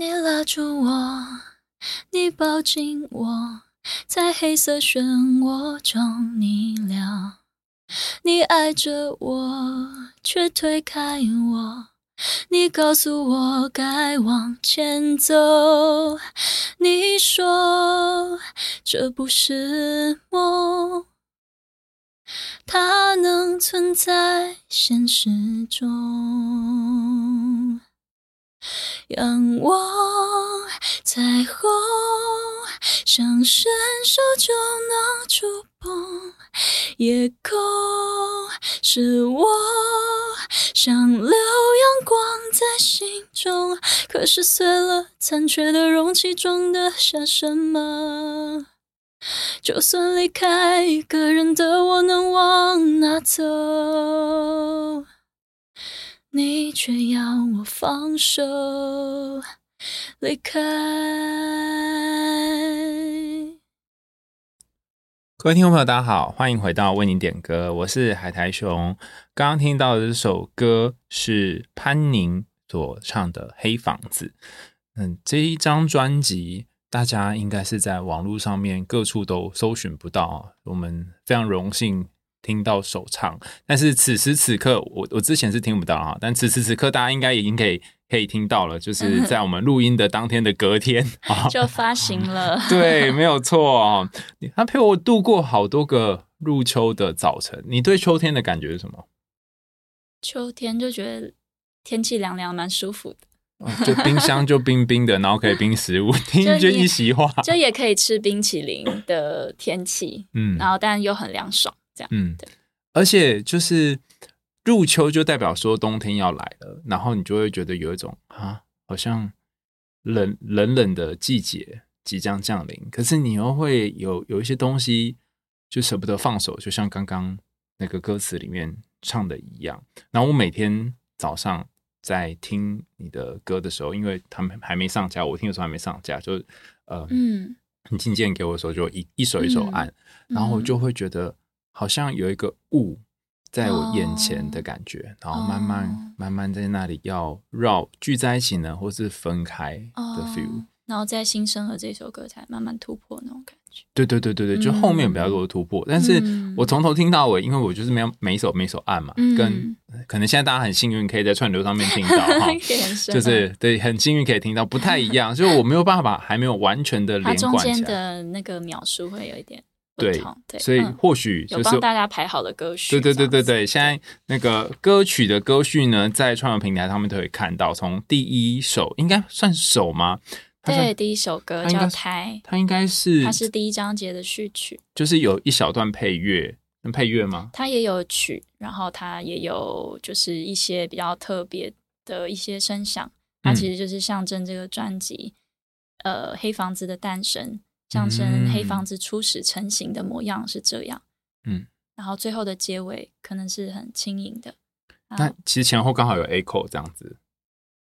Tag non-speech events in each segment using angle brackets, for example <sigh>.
你拉住我，你抱緊我，在黑色漩渦中，逆流。你愛着我，卻推開我，你告訴我該往前走，你說這不是夢，它能存在現實中。仰望彩虹，想伸手就能觸碰。夜空是我想留陽光在心中，可是碎了殘缺的容器裝得下什麼？就算離開一個人的我，能往哪走？你卻要我放手離開。各位聽眾朋友，大家好，歡迎回到為你點歌，我是海苔熊。剛剛聽到的這首歌是潘寧所唱的《黑房子》。嗯，這一張專輯大家應該是在網絡上面各處都搜尋不到，我們非常榮幸。聽到首唱，但是此時此刻，我我之前是聽不到啊，但此時此刻，大家應該已經可以可以聽到了，就是在我們錄音的當天的隔天 <laughs> 就發行了， <laughs> 對，沒有錯。啊。他陪我度過好多個入秋的早晨，你對秋天的感覺是什麼？秋天就覺得天氣涼涼，蠻舒服的， <laughs> 就冰箱就冰冰的，然後可以冰食物，聽 <laughs> 就一席話， <laughs> 就也可以吃冰淇淋的天氣，嗯， <laughs> 然後但又很涼爽。嗯，對而且就是入秋就代表說冬天要來了，然後你就會覺得有一種啊，好像冷冷冷的季節即將降臨。可是你又會有有一些東西就捨不得放手，就像剛剛那個歌詞裡面唱的一樣。然後我每天早上在聽你的歌的時候，因為他們還沒上架，我聽的時候還沒上架，就呃，嗯，你琴鍵給我的時候就一一首一首按，嗯、然後我就會覺得。好像有一個霧在我眼前的感覺，哦、然後慢慢、哦、慢慢在那裡要繞聚在一起呢，或是分開的 feel、哦。然後在《新生》和這首歌才慢慢突破那種感覺。對對對對對，就後面比較多的突破。嗯、但是我從頭聽到尾，因為我就是沒有每首每首按嘛，嗯、跟可能現在大家很幸運可以在串流上面聽到哈，就是對很幸運可以聽到，不太一樣，就是我沒有辦法、嗯、還沒有完全的連貫起來中間的那個秒數會有一點。對，對所以或許、就是嗯、有幫大家排好的歌序。對對對對對，對現在那個歌曲的歌序呢，在創作平台上面都可以看到。從第一首，應該算首嗎？對，第一首歌叫《胎》，它應該是它是第一章節的序曲，就是有一小段配樂，配樂嗎？它也有曲，然後它也有就是一些比較特別的一些聲響，它其實就是象徵這個專輯，嗯、呃，黑房子的誕生。象徵黑房子初始成型的模樣是這樣，嗯，然後最後的結尾可能是很輕盈的。那其實前後剛好有 echo 這樣子，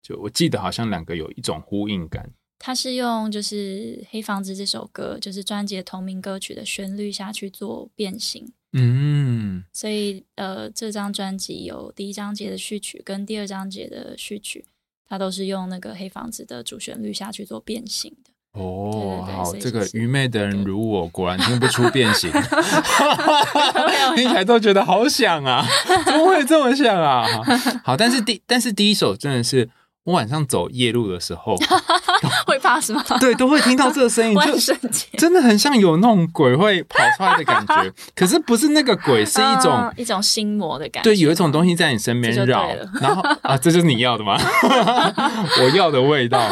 就我記得好像兩個有一種呼應感。他是用就是《黑房子》這首歌，就是專輯同名歌曲的旋律下去做變形，嗯，所以呃，這張專輯有第一章節的序曲跟第二章節的序曲，它都是用那個《黑房子》的主旋律下去做變形的。哦，對對對，好，就是、這個愚昧的人如我，對對，果然聽不出變形，聽起來都覺得好像啊， <laughs> 怎麼會這麼像啊？ <laughs> 好，但是第但是第一首真的是。我晚上走夜路的時候， <laughs> 會怕什麼？對，都會聽到這個聲音，就真的很像有那種鬼會跑出來的感覺。 <laughs> <laughs> 可是不是那個鬼，是一種、啊、一種心魔的感覺，對，有一種東西在你身邊繞。 <laughs> 然後啊，這就是你要的嗎？ <laughs> 我要的味道。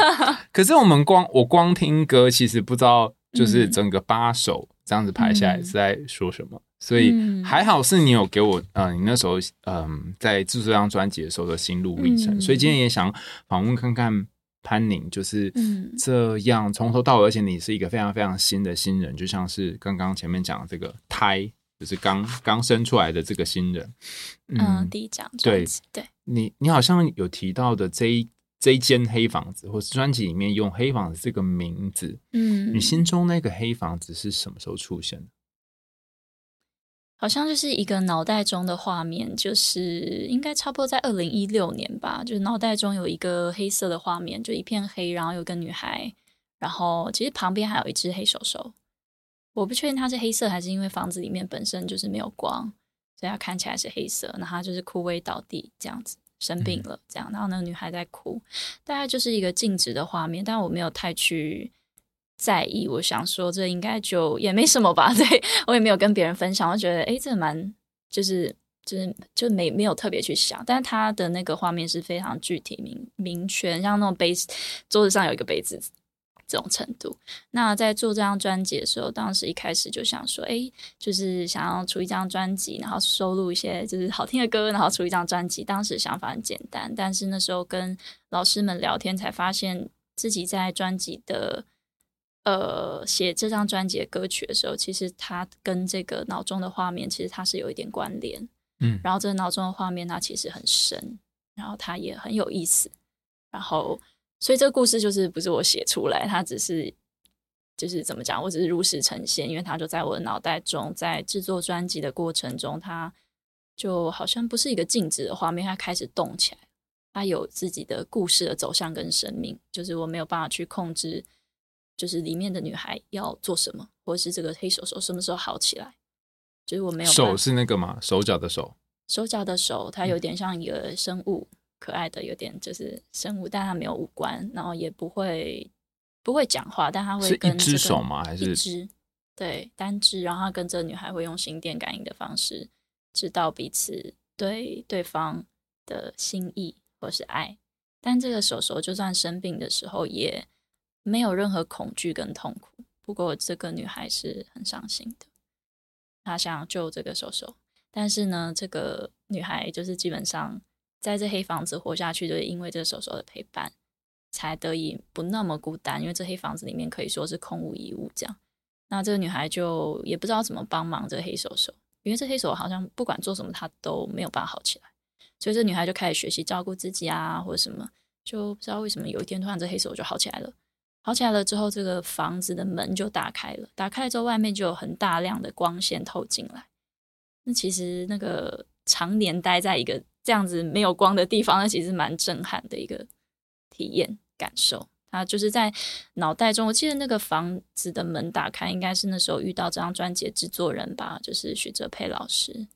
可是我們光我光聽歌，其實不知道，就是整個八首這樣子排下來是在說什麼。所以還好是你有給我，嗯、呃，你那時候，嗯、呃，在制作這張專輯的時候的心路歷程。嗯、所以今天也想訪問看看潘寧，就是這樣從、嗯、頭到尾。而且你是一個非常非常新的新人，就像是剛剛前面講的這個胎，就是剛剛生出來的這個新人。嗯，呃、第一張，對，對你，你好像有提到的這這間黑房子，或是專輯裡面用“黑房子”這個名字，嗯，你心中那個黑房子是什麼時候出現的？好像就是一個腦袋中的畫面，就是應該差不多在二零一六年吧，就是腦袋中有一個黑色的畫面，就一片黑，然後有個女孩，然後其實旁邊還有一隻黑手手，我不確定它是黑色還是因為房子裡面本身就是沒有光，所以它看起來是黑色，然後就是枯萎倒地這樣子，生病了這樣，然後那個女孩在哭，大概就是一個靜止的畫面，但我沒有太去。在意，我想說這應該就也沒什麼吧。對，我也沒有跟別人分享，我覺得哎，這蠻就是就是就沒沒有特別去想。但他的那個畫面是非常具體、明明確，像那種杯子，桌子上有一個杯子這種程度。那在做這張專輯的時候，當時一開始就想說，哎，就是想要出一張專輯，然後收錄一些就是好聽的歌，然後出一張專輯。當時想法很簡單，但是那時候跟老師們聊天，才發現自己在專輯的。呃，寫這張專輯的歌曲的時候，其實它跟這個腦中的畫面其實它是有一點關聯。嗯，然後這個腦中的畫面它其實很深，然後它也很有意思。然後，所以這個故事就是不是我寫出來，它只是就是怎麼講，我只是如實呈現，因為它就在我的腦袋中，在製作專輯的過程中，它就好像不是一個靜止的畫面，它開始動起來，它有自己的故事的走向跟生命，就是我沒有辦法去控制。就是裡面的女孩要做什麼，或者是這個黑手手什麼時候好起來？就是我沒有手是那個嗎？手腳的手，手腳的手，它有點像一個生物，嗯、可愛的有點就是生物，但它沒有五官，然後也不會不會講話，但它會跟、這個、是一隻手嗎？還是一隻對單隻？然後跟這個女孩會用心電感應的方式知道彼此對對方的心意或是愛。但這個手手就算生病的時候也，沒有任何恐懼跟痛苦，不過這個女孩是很傷心的。她想要救這個手手，但是呢，這個女孩就是基本上在這黑房子活下去，就是因為這手手的陪伴，才得以不那麼孤單。因為這黑房子裡面可以說是空無一物這樣。那這個女孩就也不知道怎麼幫忙這黑手手，因為這黑手手好像不管做什麼，她都沒有辦法好起來。所以這女孩就開始學習照顧自己啊，或者什麼，就不知道為什麼有一天突然這黑手手就好起來了。跑起來了之後，這個房子的門就打開了。打開了之後，外面就有很大量的光線透進來。那其實那個常年待在一個這樣子沒有光的地方，那其實蠻震撼的一個體驗感受。他就是在腦袋中，我記得那個房子的門打開，應該是那時候遇到這張專輯的制作人吧，就是許哲佩老師。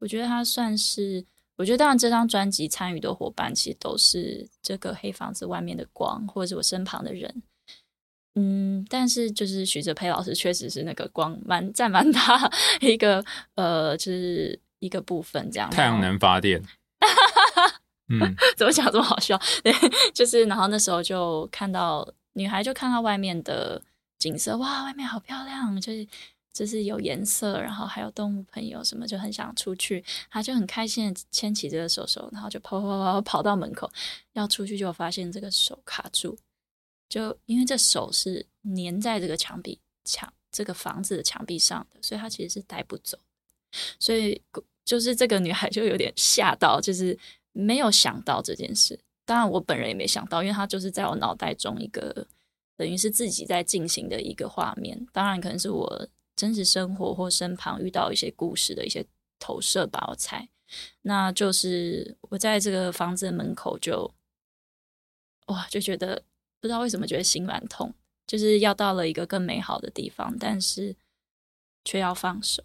我覺得他算是，我覺得當然這張專輯參與的夥伴，其實都是這個黑房子外面的光，或者是我身旁的人。嗯，但是就是徐哲佩老師確實是那個光蠻佔蠻大一個呃，就是一個部分這樣。太陽能發電， <laughs> 怎麼講這麼好笑？對，就是然後那時候就看到女孩就看到外面的景色，哇，外面好漂亮，就是就是有顏色，然後還有動物朋友什麼，就很想出去，她就很開心的牽起這個手手，然後就跑跑跑跑，跑到門口要出去，就發現這個手卡住。就因為這手是粘在這個牆壁、牆這個房子的牆壁上的，所以他其實是帶不走。所以就是這個女孩就有點嚇到，就是沒有想到這件事。當然我本人也沒想到，因為她就是在我腦袋中一個等於是自己在進行的一個畫面。當然可能是我真實生活或身旁遇到一些故事的一些投射吧，我猜。那就是我在這個房子的門口就哇就覺得。不知道為什麼覺得心蠻痛，就是要到了一個更美好的地方，但是卻要放手。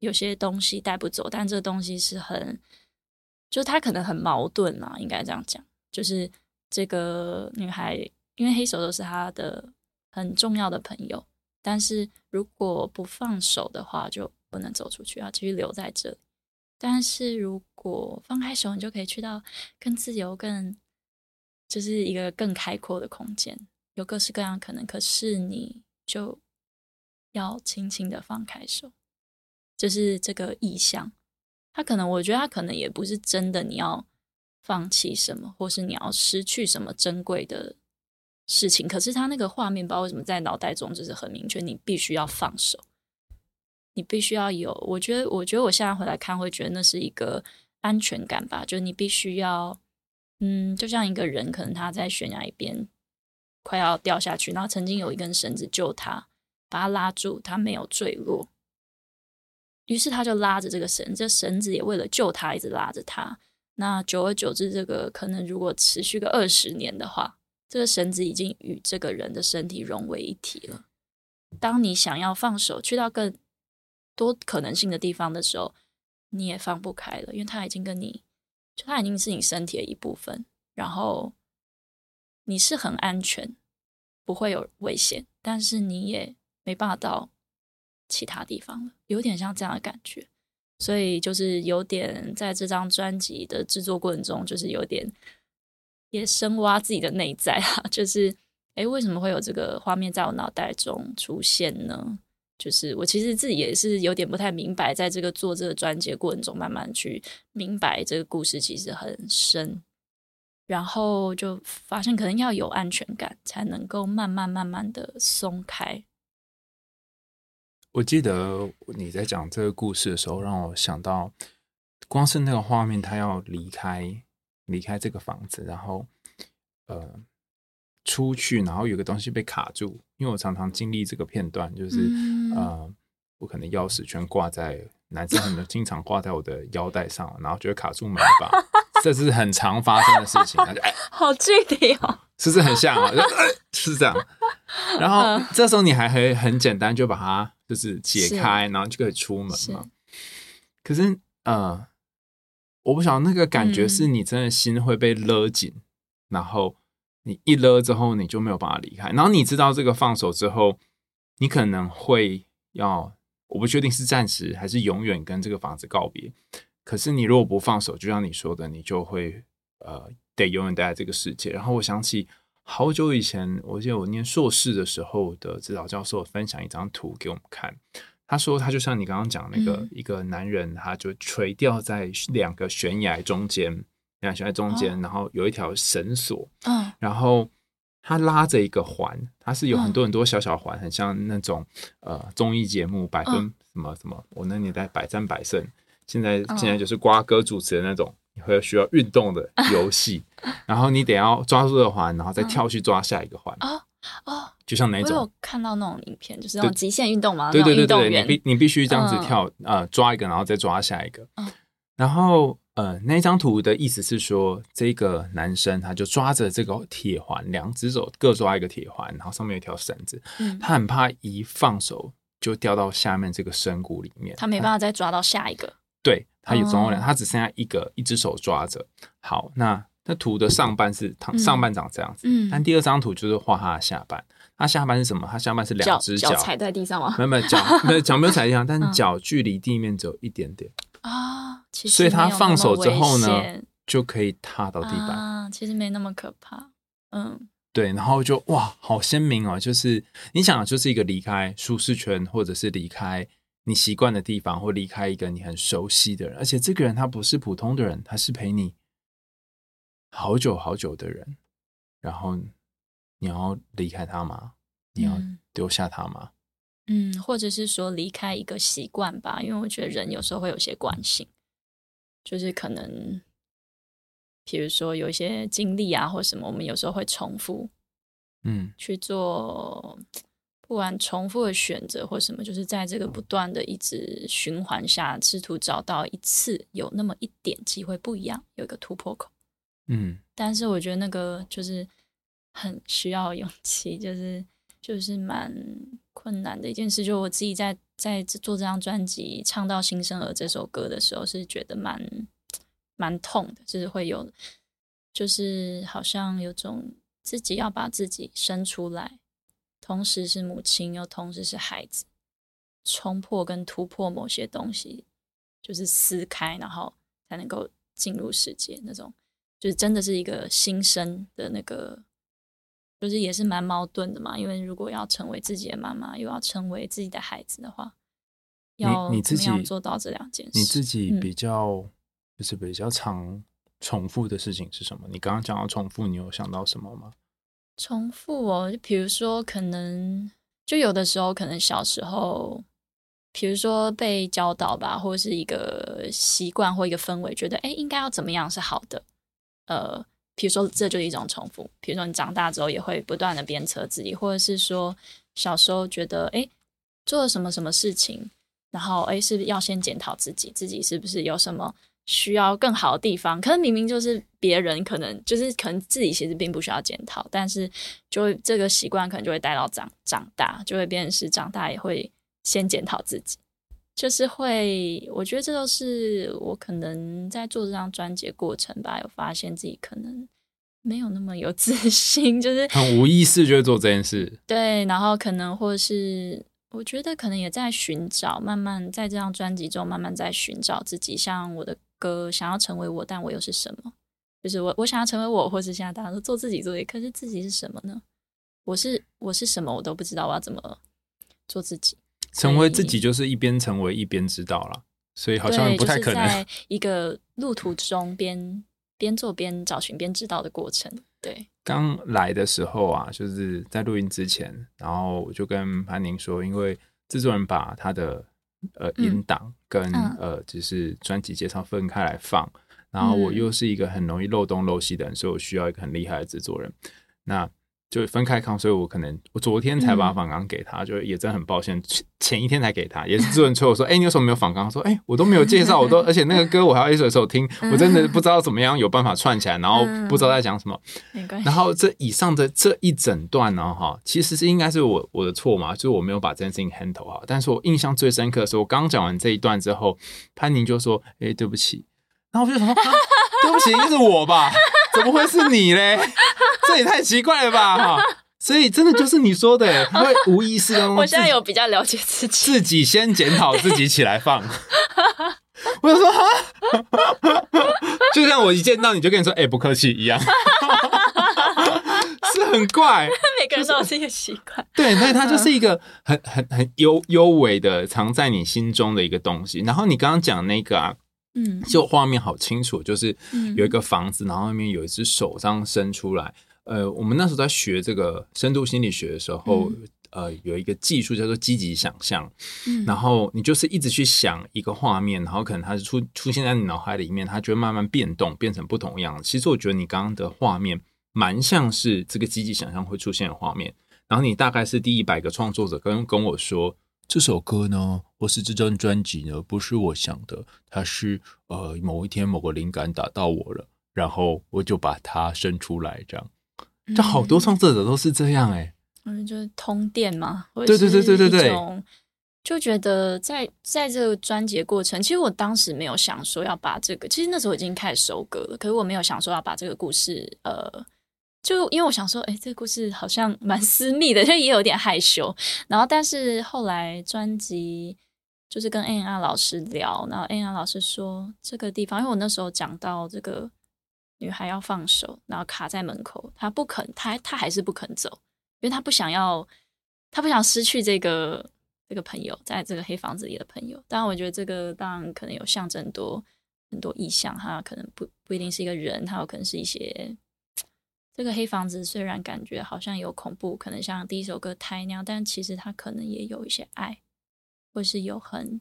有些東西帶不走，但這東西是很，就是他可能很矛盾啊，應該這樣講。就是這個女孩，因為黑手手是她的很重要的朋友，但是如果不放手的話，就不能走出去，要、啊、繼續留在這裡。但是如果放開手，你就可以去到更自由、更。就是一個更開闊的空間，有各式各樣可能。可是你就要輕輕地放開手，就是這個意象。他可能，我覺得他可能也不是真的你要放棄什麼，或是你要失去什麼珍貴的事情。可是他那個畫面，包括什麼，在腦袋中就是很明確，就是、你必須要放手，你必須要有。我覺得，我覺得我現在回來看，會覺得那是一個安全感吧，就是你必須要。嗯，就像一個人，可能他在懸崖一邊快要掉下去，然後曾經有一根繩子救他，把他拉住，他沒有墜落。於是他就拉着這個繩，這繩子也為了救他一直拉着他。那久而久之，這個可能如果持續個二十年的話，這個繩子已經與這個人的身體融為一體了。當你想要放手，去到更多可能性的地方的時候，你也放不開了，因為他已經跟你。它已經是你身體的一部分，然後你是很安全，不會有危險，但是你也沒辦法到其他地方了，有點像這樣的感覺。所以就是有點在這張專輯的制作過程中，就是有點也深挖自己的內在啊，就是哎，為什麼會有這個畫面在我腦袋中出現呢？就是我其實自己也是有點不太明白，在這個做這個專輯的過程中，慢慢去明白這個故事其實很深，然後就發現可能要有安全感，才能夠慢慢慢慢的鬆開。我記得你在講這個故事的時候，讓我想到，光是那個畫面，他要離開離開這個房子，然後呃出去，然後有個東西被卡住。因為我常常經歷這個片段，就是、嗯、呃，我可能鑰匙圈掛在男生可能，經常掛在我的腰帶上， <laughs> 然後就會卡住門把，這是很常發生的事情。 <laughs> 就哎，好具體哦，嗯、是不是很像啊？就哎就是這樣。然後、 <laughs> 嗯、這時候你還可以很簡單就把它就是解開，是然後就可以出門了。是可是呃，我不曉得那個感覺是你真的心會被勒緊，嗯、然後。你一勒之後，你就沒有辦法離開。然後你知道這個放手之後，你可能會要，我不確定是暫時還是永遠跟這個房子告別。可是你如果不放手，就像你說的，你就會呃，得永遠待在這個世界。然後我想起好久以前，我記得我念碩士的時候的指導教授分享一張圖給我們看，他說他就像你剛剛講那個、嗯、一個男人，他就垂吊在兩個懸崖中間。兩懸在中間，然後有一條繩索，嗯，然後它拉着一個環，它是有很多很多小小環，很像那種呃綜藝節目《百分什麼什麼》，我那年代《百戰百勝》，現在現在就是瓜哥主持的那種，你會需要運動的遊戲，然後你得要抓住這個的環，然後再跳去抓下一個環，哦哦，就像那種我有看到那種影片，就是那種極限運動嘛，對對對對，你必你必須這樣子跳，呃，抓一個然後再抓下一個，嗯，然後。嗯、呃，那一張圖的意思是說，這個男生他就抓着這個鐵環，兩只手各抓一個鐵環，然後上面有一條繩子。嗯、他很怕一放手就掉到下面這個深谷裡面，他沒辦法再抓到下一個。對，他有總共兩，嗯、他只剩下一個，一只手抓着。好，那那圖的上半是上半長這樣子，嗯，但第二張圖就是畫他的下半，他下半是什麼？他下半是兩只腳，腳，腳踩在地上嗎？沒有， <laughs> 沒有腳，腳沒有踩地上，但腳距離地面只有一點點。啊，哦、所以，他放手之後呢，啊、就可以踏到地板。其實沒那麼可怕。嗯，對。然後就哇，好鮮明哦！就是你想，就是一個離開舒適圈，或者是離開你習慣的地方，或離開一個你很熟悉的人。而且這個人他不是普通的人，他是陪你好久好久的人。然後你要離開他嗎？你要丟下他嗎？嗯嗯，或者是說，離開一個習慣吧，因為我覺得人有時候會有些慣性，就是可能，比如說有一些經歷啊，或者什麼，我們有時候會重複，嗯，去做，不管重複的選擇或什麼，就是在這個不斷的一直循環下，試圖找到一次有那麼一點機會不一樣，有一個突破口，嗯，但是我覺得那個就是很需要勇氣，就是就是蠻。困難的一件事，就是我自己在在做這張專輯，唱到《新生兒》這首歌的時候，是覺得蠻蠻痛的，就是會有，就是好像有種自己要把自己生出來，同時是母親，又同時是孩子，衝破跟突破某些東西，就是撕開，然後才能夠進入世界，那種就是真的是一個新生的那個。就是也是蠻矛盾的嘛，因為如果要成為自己的媽媽，又要成為自己的孩子的話，要怎麼樣你自己做到這兩件事。你自己比較、嗯、就是比較常重複的事情是什麼？你剛剛講到重複，你有想到什麼嗎？重複哦，就比如說，可能就有的時候，可能小時候，比如說被教導吧，或者是一個習慣或一個氛圍，覺得哎、欸，應該要怎麼樣是好的，呃。比如說，這就是一種重複。比如說，你長大之後也會不斷的鞭策自己，或者是說，小時候覺得哎，做了什麼什麼事情，然後哎，是不是要先檢討自己，自己是不是有什麼需要更好的地方？可能明明就是別人，可能就是可能自己其實並不需要檢討，但是就這個習慣可能就會帶到長長大，就會變成是長大也會先檢討自己。就是會，我覺得這都是我可能在做這張專輯的過程吧，有發現自己可能沒有那麼有自信，就是很無意識就會做這件事。對，然後可能或是我覺得可能也在尋找，慢慢在這張專輯中慢慢在尋找自己。像我的歌想要成為我，但我又是什麼？就是我我想要成為我，或是現在大家都做自己做的，可是自己是什麼呢？我是我是什麼，我都不知道，我要怎麼做自己？成為自己就是一邊成為一邊知道了，所以好像不太可能。就是、在一個路途中邊邊做邊找尋邊知道的過程，對。剛來的時候啊，就是在錄音之前，然後我就跟潘寧說，因為制作人把他的呃音檔跟、嗯嗯、呃就是專輯介紹分開來放，然後我又是一個很容易漏東漏西的人，所以我需要一個很厲害的制作人。那就分開看，所以我可能我昨天才把訪綱給他，嗯、就也真很抱歉，前一天才給他，嗯、也是有人催我說：“哎、嗯欸，你有什麼沒有訪綱？”我說：“哎、欸，我都沒有介紹，我都而且那個歌我還要一首一首聽，嗯、我真的不知道怎麼樣有辦法串起來，嗯、然後不知道在講什麼。”嗯、然後這以上的這一整段呢，哈，其實是應該是我我的錯嘛，就是我沒有把這件事情 handle 好。但是我印象最深刻的是，我剛講完這一段之後，潘寧就說：“哎、欸，對不起。”然後我就說：“對不起，應該是我吧？” <laughs> <laughs> 怎麼會是你嘞？這也太奇怪了吧！哈， <laughs> 所以真的就是你說的， <laughs> 會無意識當中。我現在有比較了解自己，自己先檢討自己起來放。我就說，就像我一見到你就跟你說：“哎、欸，不客氣。”一樣， <laughs> <laughs> 是很怪。 <laughs> 每個人都是一個習慣。 <laughs> 對，所以它就是一個很、很、很幽幽微的藏在你心中的一個東西。然後你剛剛講那個啊。嗯，就畫面好清楚，就是有一個房子，嗯、然後外面有一隻手這樣伸出來。呃，我們那時候在學這個深度心理學的時候，嗯、呃，有一個技術叫做積極想象，嗯、然後你就是一直去想一個畫面，然後可能它出出現在你腦海裡面，它就會慢慢變動，變成不同樣。其實我覺得你剛剛的畫面蠻像是這個積極想象會出現的畫面。然後你大概是第一百個創作者跟跟我說。這首歌呢，或是這張專輯呢，不是我想的，它是呃某一天某個靈感打到我了，然後我就把它伸出來，這樣。這好多創作者都是這樣哎、欸，嗯，就是通電嘛。我對對對對對對。就覺得在在這個專輯過程，其實我當時沒有想說要把這個，其實那時候已經開始收歌了，可是我沒有想說要把這個故事呃。就因為我想說，哎、欸，這個故事好像蠻私密的，就也有點害羞。然後，但是後來專輯就是跟 A&R 老師聊，然後 A&R 老師說這個地方，因為我那時候講到這個女孩要放手，然後卡在門口，她不肯，她她還是不肯走，因為她不想要，她不想失去這個這個朋友，在這個黑房子裡的朋友。當然，我覺得這個當然可能有象徵多很多意象，哈，可能不不一定是一個人，還有可能是一些。這個黑房子雖然感覺好像有恐怖，可能像第一首歌太那樣，但其實它可能也有一些愛，或是有很，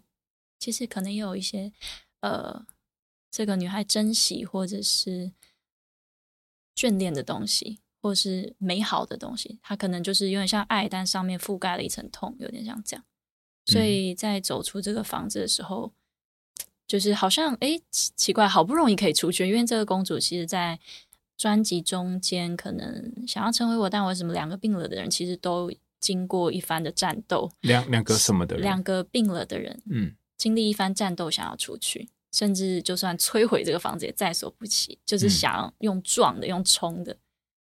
其實可能也有一些呃，這個女孩珍惜或者是眷戀的東西，或是美好的東西。它可能就是有點像愛，但上面覆蓋了一層痛，有點像這樣。所以在走出這個房子的時候，嗯、就是好像哎奇怪，好不容易可以出去，因為這個公主其實在。專輯中間可能想要成為我，但我為什麼兩個病了的人其實都經過一番的戰鬥，兩兩個什麼的人，兩個病了的人，嗯，經歷一番戰鬥想要出去，甚至就算摧毀這個房子也在所不惜，就是想要用撞的，嗯、用衝的，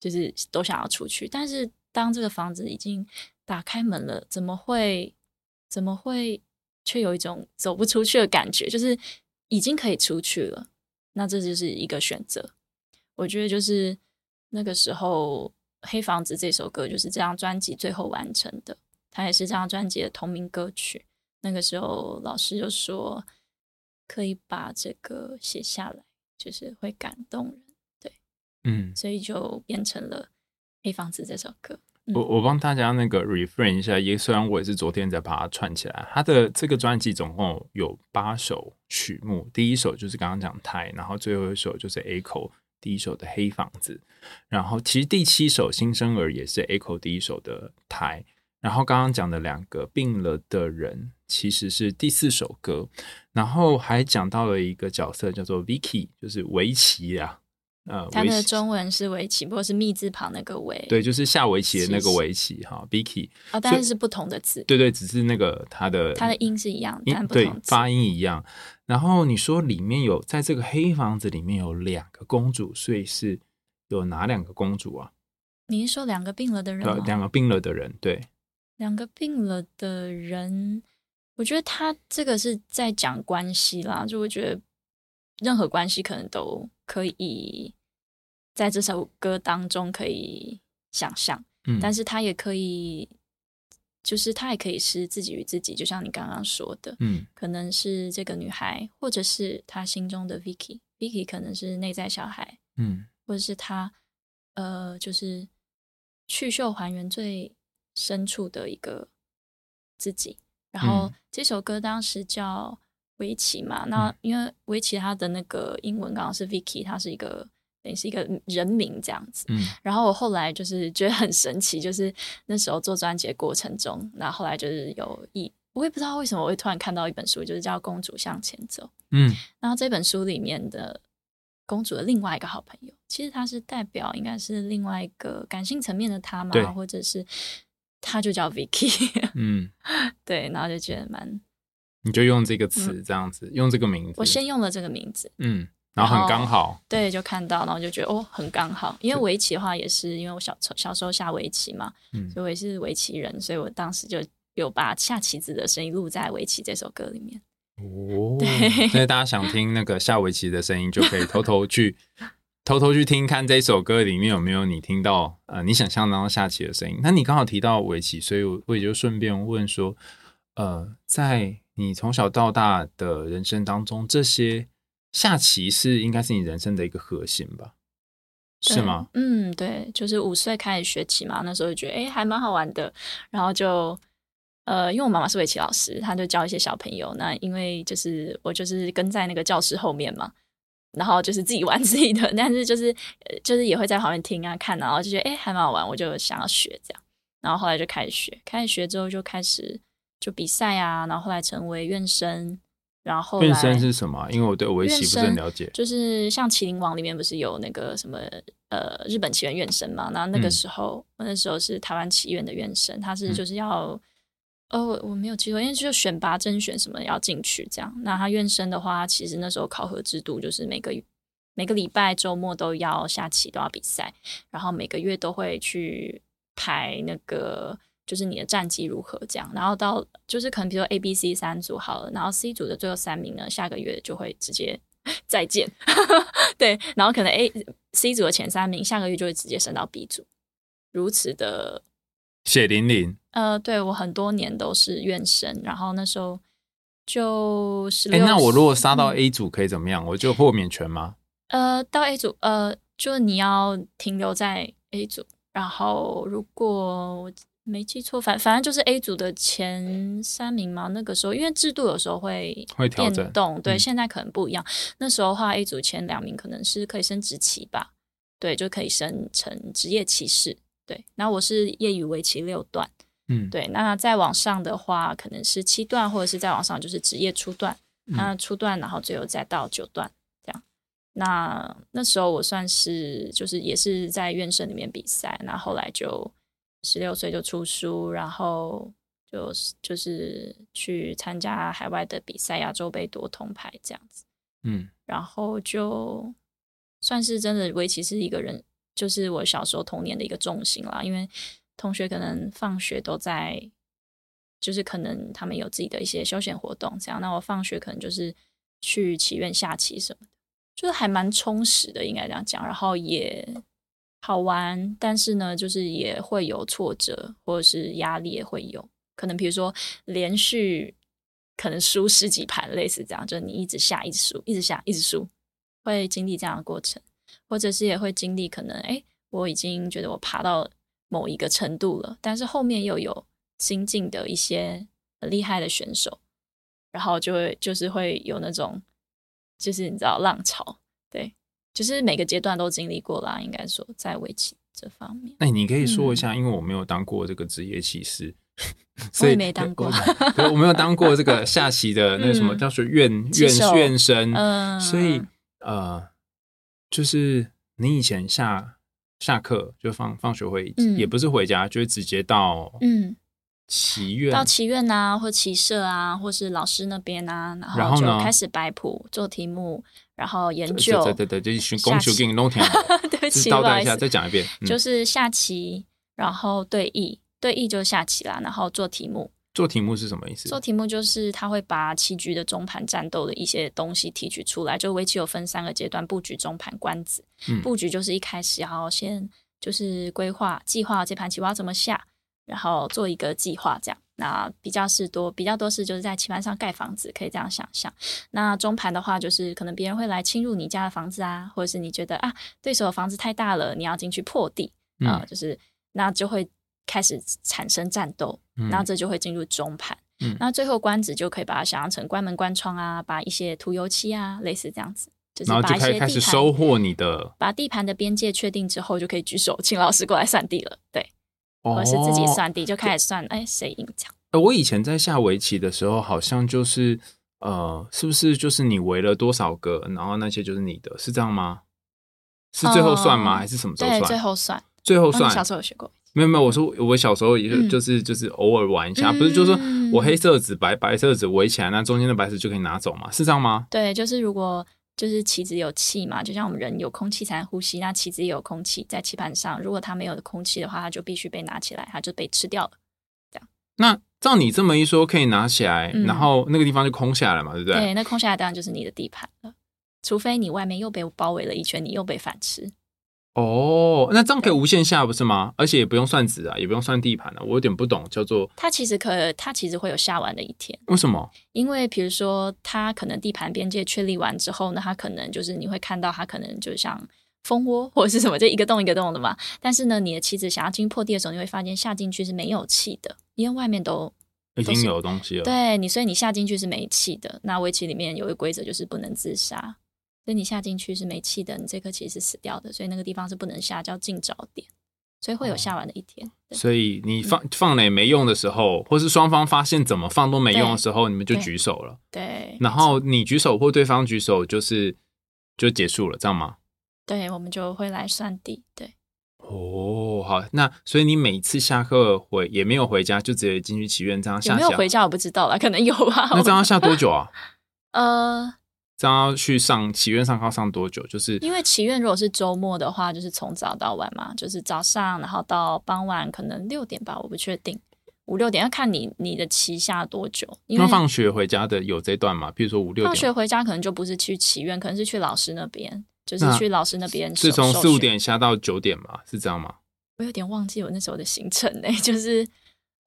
就是都想要出去。但是當這個房子已經打開門了，怎麼會怎麼會卻有一種走不出去的感覺？就是已經可以出去了，那這就是一個選擇。我覺得就是那個時候，《黑房子》這首歌就是這張專輯最後完成的，它也是這張專輯的同名歌曲。那個時候老師就說可以把這個寫下來，就是會感動人，對，嗯，所以就變成了《黑房子》這首歌。嗯、我我幫大家那個 refrain 一下，因為雖然我也是昨天才把它串起來，他的這個專輯總共有八首曲目，第一首就是剛剛講《泰》，然後最後一首就是《Echo》。第一首的黑房子，然後其實第七首新生兒也是 Echo 第一首的台，然後剛剛講的兩個病了的人其實是第四首歌，然後還講到了一個角色叫做 Vicky，就是維奇呀、啊。呃，它的中文是圍棋，或者是“密”字旁那個“圍”。對，就是下圍棋的那個圍棋哈實 Biki 哦，但是是，是不同的字。對對，只是那個它的它的音是一樣， <noise> 的對，發音一樣。然後你說裡面有在這個黑房子裡面有兩個公主，所以是有哪兩個公主啊？你是說兩個病了的人？啊，兩個病了的人，對，兩個病了的人。我覺得他這個是在講關係啦，就會覺得任何關係可能都可以。在這首歌當中可以想象，嗯，但是它也可以，就是它也可以是自己與自己，就像你剛剛說的，嗯，可能是這個女孩，或者是她心中的 Vicky，Vicky 可能是內在小孩，嗯，或者是她，呃，就是去鏽還原最深處的一個自己。然後這首歌當時叫圍棋嘛，嗯、那因為圍棋它的那個英文剛好是 Vicky，它是一個。等於是一個人名這樣子，嗯，然後我後來就是覺得很神奇，就是那時候做專輯的過程中，然後後來就是有一，我也不知道為什麼我會突然看到一本書，就是叫《公主向前走》，嗯，然後這本書裡面的公主的另外一個好朋友，其實她是代表應該是另外一個感性層面的她嘛，對或者是她就叫 Vicky，嗯， <laughs> 對，然後就覺得蠻，你就用這個詞這樣子，嗯，用這個名字，我先用了這個名字，嗯。然後很剛好，對，就看到，然後就覺得哦，很剛好。因為圍棋的話，也是因為我小小時候下圍棋嘛，嗯、所以我也是圍棋人，所以我當時就有把下棋子的聲音錄在《圍棋》這首歌裡面。哦，對所以大家想聽那個下圍棋的聲音，就可以偷偷去 <laughs> 偷偷去聽，看這首歌裡面有沒有你聽到呃你想象當中下棋的聲音。那你剛好提到圍棋，所以我我也就順便問說，呃，在你從小到大的人生當中，這些。下棋是應該是你人生的一個核心吧，是嗎？嗯，對，就是五歲開始學棋嘛，那時候就覺得哎還蠻好玩的，然後就呃因為我媽媽是圍棋老師，她就教一些小朋友，那因為就是我就是跟在那個教室後面嘛，然後就是自己玩自己的，但是就是就是也會在旁邊聽啊看啊，然後就覺得哎還蠻好玩，我就想要學這樣，然後後來就開始學，開始學之後就開始就比賽啊，然後後來成為院生。然後，院生是什麼？因為我對圍棋不是很了解，就是像《棋靈王》裡面不是有那個什麼呃日本棋院院生嘛？那那個時候我、嗯、那時候是台灣棋院的院生，他是就是要、嗯、哦我沒有記錯，因為就選拔甄選什麼要進去這樣。那他院生的話，其實那時候考核制度就是每個每個禮拜周末都要下棋，都要比賽，然後每個月都會去排那個。就是你的戰績如何這樣，然後到就是可能比如說 A、B、C 三組好了，然後 C 組的最後三名呢，下個月就會直接再見， <laughs> 對，然後可能 A、C 組的前三名下個月就會直接升到 B 組，如此的血淋淋。呃，對我很多年都是怨生，然後那時候就是。十六。哎，那我如果殺到 A 組可以怎麼樣？我就豁免權嗎？呃，到 A 組，呃，就你要停留在 A 組，然後如果。沒記錯，反反正就是 A 組的前三名嘛。那個時候，因為制度有時候會會變動，對，嗯、現在可能不一樣。那時候的話，A 組前兩名可能是可以升職棋吧，對，就可以升成職業棋士。對，那我是業餘圍棋六段，嗯，對。那再往上的話，可能是七段，或者是再往上就是職業初段。嗯、那初段，然後最後再到九段這樣。那那時候我算是就是也是在院生裡面比賽，那後，後來就。十六歲就出書，然後就就是去參加海外的比賽，啊，亞洲杯奪銅牌這樣子。嗯，然後就算是真的圍棋是一個人，就是我小時候童年的一個重心啦。因為同學可能放學都在，就是可能他們有自己的一些休閒活動這樣，那我放學可能就是去棋院下棋什麼的，就是還蠻充實的，應該這樣講。然後也。好玩，但是呢，就是也會有挫折，或者是壓力也會有。可能比如說，連續可能輸十幾盤，類似這樣，就你一直下一直輸，一直下一直輸，會經歷這樣的過程，或者是也會經歷可能，哎，我已經覺得我爬到某一個程度了，但是後面又有新進的一些很厲害的選手，然後就會，就是會有那種，就是你知道，浪潮，對。其實每個階段都經歷過啦，應該說在圍棋這方面。那你可以說一下，嗯、因為我沒有當過這個職業棋士，所以沒當過。我 <laughs> 我沒有當過這個下棋的那什麼叫說院、嗯、院院首生，嗯、所以呃，就是你以前下下課就放放學回、嗯、也不是回家，就是直接到嗯棋院嗯、到棋院啊，或棋社啊，或是老師那邊啊，然後就開始擺譜做題目。然後研究，對，對對對，就一群工學給你弄停了，下棋 <laughs> 對不起一下不好意思，再講一遍，嗯、就是下棋，然後對弈，對弈就下棋啦，然後做題目，做題目是什麼意思？做題目就是他會把棋局的中盤戰鬥的一些東西提取出來，就圍棋有分三個階段：布局、中盤、官子。嗯、布局就是一開始，然後先就是規劃、計劃這盤棋我要怎麼下，然後做一個計劃這樣。那比較是多，比較多是就是在棋盤上蓋房子，可以這樣想象。那中盤的話，就是可能別人會來侵入你家的房子啊，或者是你覺得啊，對手的房子太大了，你要進去破地、嗯、啊，就是那就會開始產生戰鬥，那、嗯、這就會進入中盤。嗯、那最後官子就可以把它想象成關門關窗啊，把一些塗油漆啊，類似這樣子，就是把一些地盤收穫你的，把地盤的邊界確定之後，就可以舉手請老師過來算地了，對。我是自己算的，就開始算，對哎，誰贏？哎、呃，我以前在下圍棋的時候，好像就是，呃，是不是就是你圍了多少個，然後那些就是你的，是這樣嗎？是最後算嗎？哦、還是什麼時候算？最後算。最後算。哦、小時候有學過？沒有沒有，我說我小時候也就是、嗯、就是偶爾玩一下，不是，就是說我黑色子白白色子圍起來，那中間的白色就可以拿走嘛，是這樣嗎？對，就是如果。就是棋子有氣嘛，就像我們人有空氣才能呼吸，那棋子也有空氣，在棋盤上，如果它沒有空氣的話，它就必須被拿起來，它就被吃掉了。這樣。那照你這麼一說，可以拿起來，嗯、然後那個地方就空下來了嘛，對不對？對，那空下來當然就是你的地盤了，除非你外面又被包圍了一圈，你又被反吃。哦，oh, 那這樣可以無限下不是嗎？對而且也不用算子啊，也不用算地盤啊。我有點不懂，叫做它其實可，它其實會有下完的一天。為什麼？因為比如說，它可能地盤邊界確立完之後呢，它可能就是你會看到它可能就像蜂窩或者是什麼，就一個洞一個洞的嘛。但是呢，你的棋子想要進去破地的時候，你會發現下進去是沒有氣的，因為外面都已經有東西了。對你，所以你下進去是沒氣的。那圍棋裡面有一個規則就是不能自殺。所以你下進去是沒氣的，你這顆棋是死掉的，所以那個地方是不能下，叫禁著點。所以會有下完的一天。嗯、對所以你放、嗯、放了沒用的時候，或是雙方發現怎麼放都沒用的時候，對你們就舉手了。對。對然後你舉手或對方舉手，就是就結束了，這樣嗎？對，我們就會來算地。對。哦，好，那所以你每一次下課回也沒有回家，就直接進去棋院這樣下棋，有沒有回家我不知道了，可能有吧、啊。那這樣要下多久啊？ <laughs> 呃。這樣去上棋院上課上多久？就是因為棋院如果是週末的話，就是從早到晚嘛，就是早上然後到傍晚，可能六點吧，我不確定，五六點要看你你的棋下多久。因為放學回家的有這段嗎？比如說五六點放學回家可能就不是去棋院，可能是去老師那邊，那就是去老師那邊是從四五點下到九點嘛。是這樣嗎？我有點忘記我那時候的行程嘞、欸，就是。 <laughs>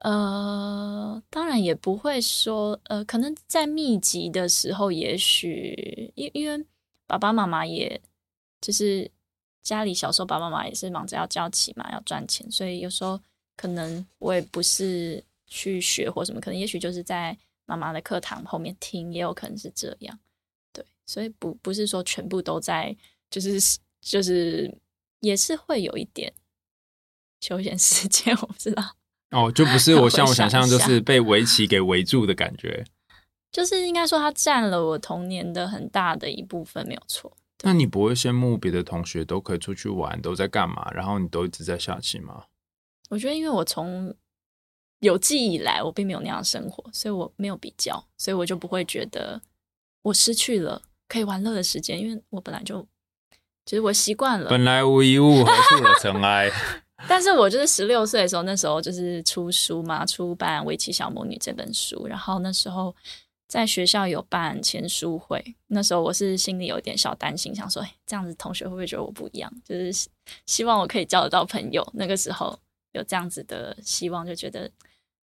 呃，當然也不會說，呃，可能在密集的時候，也許因因為爸爸媽媽也就是家裡小時候爸爸媽媽也是忙着要教起嘛，要賺錢，所以有時候可能我也不是去學或什麼，可能也許就是在媽媽的課堂後面聽，也有可能是這樣，對，所以不不是說全部都在，就是就是也是會有一點休閒時間，我不知道。哦，就不是我像我想象，就是被圍棋給圍住的感覺。 <laughs> 就是應該說，它占了我童年的很大的一部分，沒有錯。那你不會羨慕別的同學都可以出去玩，都在幹嘛，然後你都一直在下棋嗎？我覺得，因為我從有記憶以來，我並沒有那樣生活，所以我沒有比較，所以我就不會覺得我失去了可以玩樂的時間，因為我本來就其實、就是、我習慣了。本來無一物還是我，何處惹塵埃。但是我就是十六歲的時候，那時候就是出書嘛，出版《圍棋小魔女》這本書，然後那時候在學校有辦簽書會，那時候我是心裡有點小擔心，想說，誒，這樣子同學會不會覺得我不一樣？就是希希望我可以交得到朋友。那個時候有這樣子的希望，就覺得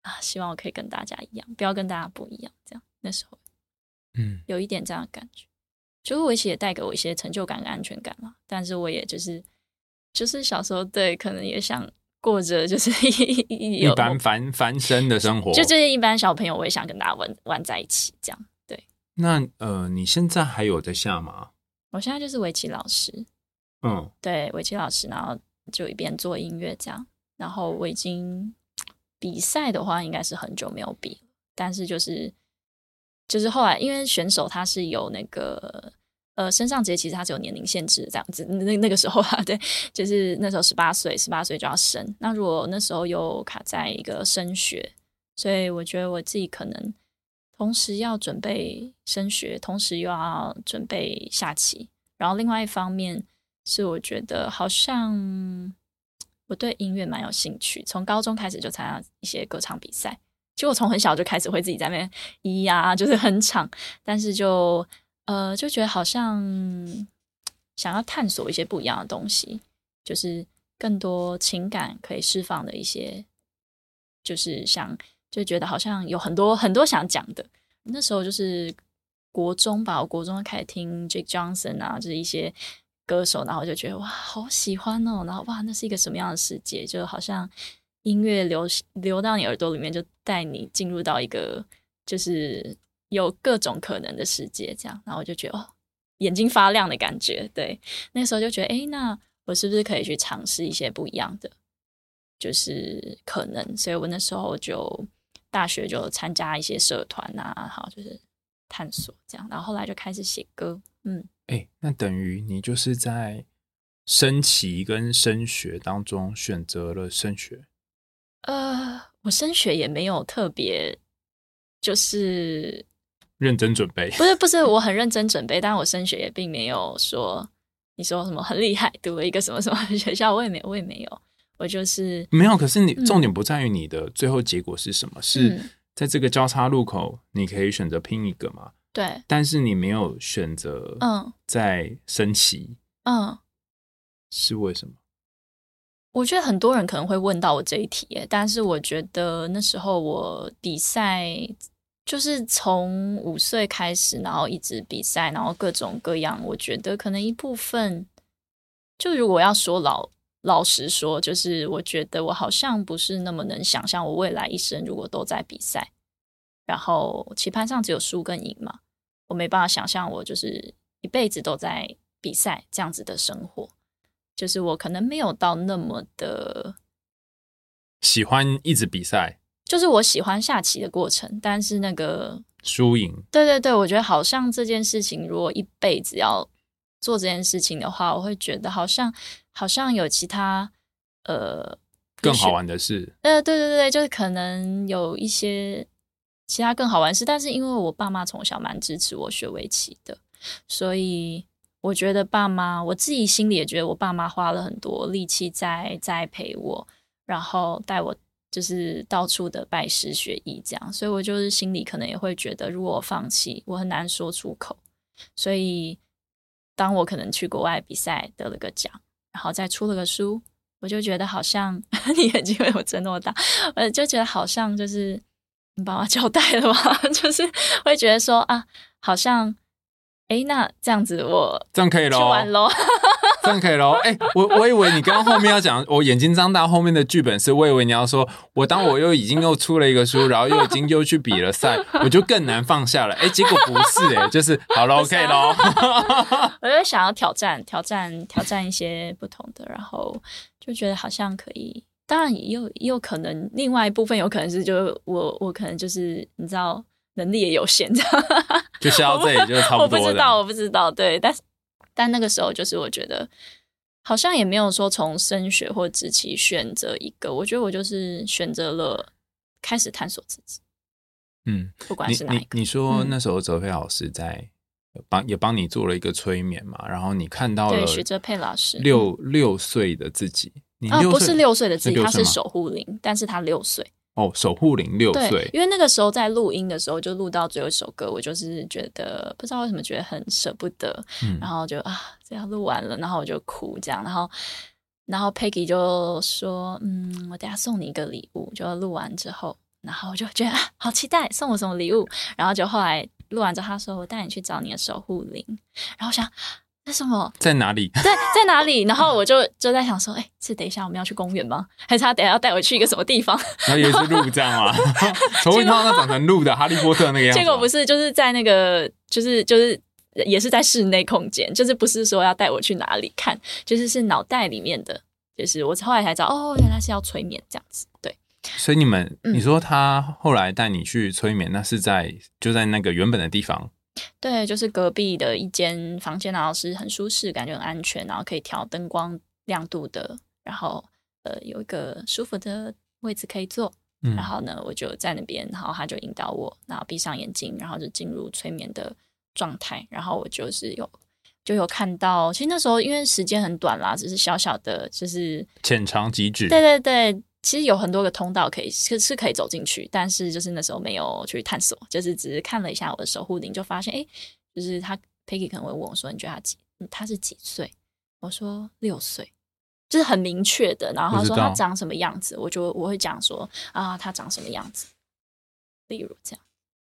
啊，希望我可以跟大家一樣，不要跟大家不一樣。這樣那時候，嗯，有一點這樣的感覺，嗯、就是圍棋也帶給我一些成就感跟安全感嘛。但是我也就是。就是小時候，對，可能也想過着就是一 <laughs> 有一般凡凡生的生活，就就是一般小朋友，我也想跟大家玩玩在一起，這樣，對。那呃，你現在還有在下嗎？我現在就是圍棋老師，嗯，對，圍棋老師，然後就一邊做音樂這樣。然後我已經比賽的話，應該是很久沒有比，但是就是就是後來，因為選手他是有那個。呃，升上節其實它只有年齡限制，這樣子。那那個時候啊，對，就是那時候十八歲，十八歲就要升。那如果那時候又卡在一個升學，所以我覺得我自己可能同時要準備升學，同時又要準備下棋。然後另外一方面是，我覺得好像我對音樂蠻有興趣，從高中開始就參加一些歌唱比賽。其實我從很小就開始會自己在那邊咿呀、啊，就是很唱，但是就。呃，就覺得好像想要探索一些不一樣的東西，就是更多情感可以釋放的一些，就是想就覺得好像有很多很多想講的。那時候就是國中吧，我國中開始聽 Jack Johnson 啊，就是一些歌手，然後就覺得哇，好喜歡哦。然後哇，那是一個什麼樣的世界？就好像音樂流流到你耳朵裡面，就帶你進入到一個就是。有各種可能的世界，這樣，然後我就覺得、哦、眼睛發亮的感覺。對，那時候就覺得，哎、欸，那我是不是可以去嘗試一些不一樣的，就是可能？所以我那時候就大學就參加一些社團啊，好，就是探索這樣。然後後來就開始寫歌，嗯，哎、欸，那等於你就是在升旗跟升學當中選擇了升學？呃，我升學也沒有特別，就是。認真準備，不是不是，我很認真準備， <laughs> 但我升學也並沒有說你說什麼很厲害，讀了一個什麼什麼學校，我也沒我也沒有，我就是沒有。可是你、嗯、重點不在於你的最後結果是什麼，是在這個交叉路口，你可以選擇拼一個嘛？對、嗯，但是你沒有選擇、嗯，嗯，在升旗，嗯，是為什麼？我覺得很多人可能會問到我這一題，但是我覺得那時候我比賽。就是從五歲開始，然後一直比賽，然後各種各樣。我覺得可能一部分，就如果要說老老實說，就是我覺得我好像不是那麼能想象，我未來一生如果都在比賽，然後棋盤上只有輸跟贏嘛，我沒辦法想象我就是一輩子都在比賽這樣子的生活。就是我可能沒有到那麼的喜歡一直比賽。就是我喜歡下棋的過程，但是那個輸贏，對對對，我覺得好像這件事情如果一輩子要做這件事情的話，我會覺得好像好像有其他呃更好玩的事。呃，對對對，對，就是可能有一些其他更好玩的事，但是因為我爸媽從小蠻支持我學圍棋的，所以我覺得爸媽，我自己心裡也覺得我爸媽花了很多力氣在在陪我，然後帶我。就是到處的拜師學藝這樣，所以我就是心裡可能也會覺得，如果放棄，我很難說出口。所以，當我可能去國外比賽得了個獎，然後再出了個書，我就覺得好像 <laughs> 你眼睛為我睜那麼大，我就覺得好像就是你爸爸交代了吧，就是會覺得說啊，好像哎、欸，那這樣子我這樣可以嘍，完嘍。這樣可以咯。哎、欸，我我以為你剛剛後面要講，我眼睛張大，後面的劇本是，我以為你要說，我當我又已經又出了一個書，然後又已經又去比了賽，我就更難放下了，哎、欸，結果不是、欸，哎，就是好了，OK 咯。我就想要挑戰，挑戰，挑戰一些不同的，然後就覺得好像可以，當然也有，也有可能另外一部分有可能是就，就我，我可能就是你知道能力也有限這樣，就說到這裡就差不多了。我不。我不知道，我不知道，對，但是。但那個時候，就是我覺得好像也沒有說從升學或自己選擇一個，我覺得我就是選擇了開始探索自己。嗯，不管是哪一個你你。你說那時候哲佩老師在幫、嗯、也幫你做了一個催眠嘛？然後你看到了對徐哲佩老師六六歲的自己，啊，不是六歲的自己，是他是守護靈，但是他六歲。哦，守護靈六歲，因為那個時候在錄音的時候就錄到最後一首歌，我就是覺得不知道為什麼覺得很捨不得，嗯、然後就啊，這樣錄完了，然後我就哭，這樣，然後然後 Peggy 就說，嗯，我等下送你一個禮物，就錄完之後，然後我就覺得、啊、好期待送我什麼禮物，然後就後來錄完之後他說我帶你去找你的守護靈，然後想。是什麼？在哪裡？ <laughs> 在在哪裡？然後我就就在想說，哎、欸，是等一下我們要去公園嗎？還是他等一下要帶我去一個什麼地方？他也是路這樣嘛，從 <laughs> 後 <laughs> 未看那長成路的《 <laughs> 哈利波特》那個樣子。結果不是，就是在那個，就是就是也是在室內空間，就是不是說要帶我去哪裡看，就是是腦袋裡面的，就是我後來才知道，哦，原來是要催眠這樣子。對，所以你們，嗯、你說他後來帶你去催眠，那是在，就在那個原本的地方？對，就是隔壁的一間房間，然後是很舒適，感覺很安全，然後可以調燈光亮度的，然後呃有一個舒服的位置可以坐，嗯、然後呢我就在那邊，然後他就引導我，然後閉上眼睛，然後就進入催眠的狀態，然後我就是有就有看到，其實那時候因為時間很短啦，只，就是小小的，就是淺嘗即止。對對對。其實有很多個通道可以，是是可以走進去，但是就是那時候沒有去探索，就是只是看了一下我的守護靈，就發現哎，就是他 Peggy 可能會問我，我說，你覺得他幾、嗯？他是幾歲？我說六歲，就是很明確的。然後他說他長什麼樣子，我，我就我會講說啊，他長什麼樣子，例如這樣，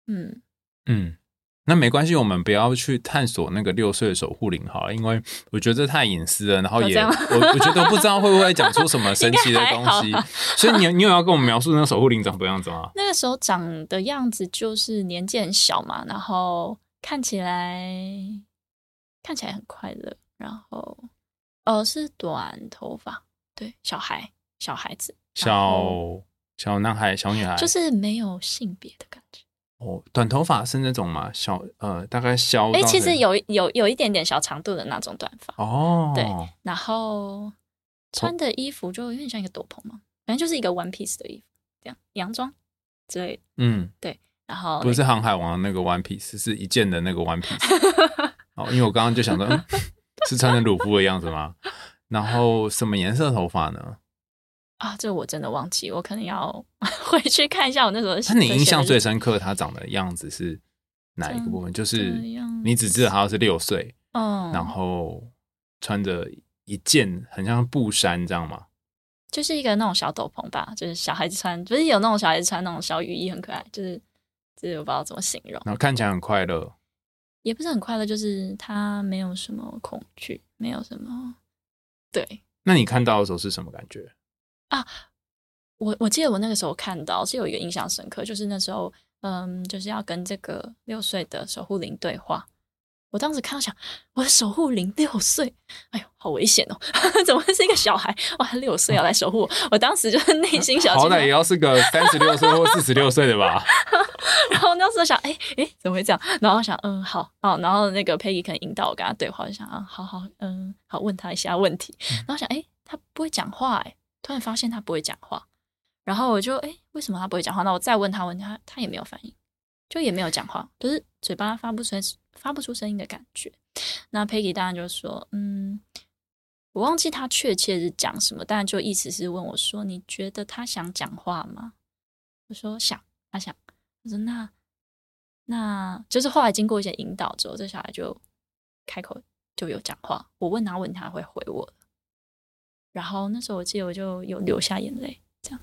嗯嗯。那沒關係，我們不要去探索那個六歲的守護靈哈，因為我覺得這太隱私了。然後也，我這 <laughs> 我，我覺得不知道會不會講出什麼神奇的東西。 <laughs> <laughs> 所以你你有要跟我們描述那個守護靈長什麼樣子嗎？那個時候長的樣子就是年紀很小嘛，然後看起來看起來很快樂，然後呃、哦、是短頭髮，對，小孩小孩子小小男孩小女孩，就是沒有性別的感覺。哦，短頭髮是那種嘛？小呃，大概小。哎、欸，其實有有有一點點小長度的那種短髮。哦，對，然後穿的衣服就有點像一個斗篷嘛，反正就是一個 one piece 的衣服，這樣洋裝之類的。嗯，對。然後不是航海王那個 one piece，是一件的那個 one piece。 <laughs> 哦，因為我剛剛就想着、嗯、是穿的魯夫的樣子嗎？然後什麼顏色頭髮呢？啊，這我真的忘記，我可能要 <laughs> 回去看一下我那時候。那你印象最深刻，他長的樣子是哪一個部分？就是你只知道他是六歲，嗯，然後穿着一件很像布衫，這樣嗎？就是一個那種小斗篷吧，就是小孩子穿，不、就是有那種小孩子穿那種小雨衣，很可愛，就是，這、就是我不知道怎麼形容。然後看起來很快樂，也不是很快樂，就是他沒有什麼恐懼，沒有什麼。對，那你看到的時候是什麼感覺？啊，我我記得我那個時候看到是有一個印象深刻，就是那時候，嗯，就是要跟這個六歲的守護靈對話。我當時看到想，我的守護靈六歲，哎呦，好危險哦！ <laughs> 怎麼會是一個小孩哇？六歲要來守護我？ <laughs> 我當時就是內心小好歹也要是個三十六歲或四十六歲的吧。 <laughs> <laughs> 然後那時候想，哎、欸欸、怎麼會這樣？然後我想，嗯，好，啊、然後那個佩儀可能引導我跟他對話，我想啊，好好，嗯，好，問他一下問題。然後想，哎、欸，他不會講話、欸，哎。突然發現他不會講話，然後我就哎、欸，為什麼他不會講話？那我再問他，問他，他也沒有反應，就也沒有講話，就是嘴巴發不出發不出聲音的感覺。那 Peggy 當然就說，嗯，我忘記他確切是講什麼，但是就意思是問我說，你覺得他想講話嗎？我說想，他想。我說那，那就是後來經過一些引導之後，這小孩就開口就有講話。我問他，問他會回我。然後那時候我記得我就有流下眼淚，這樣。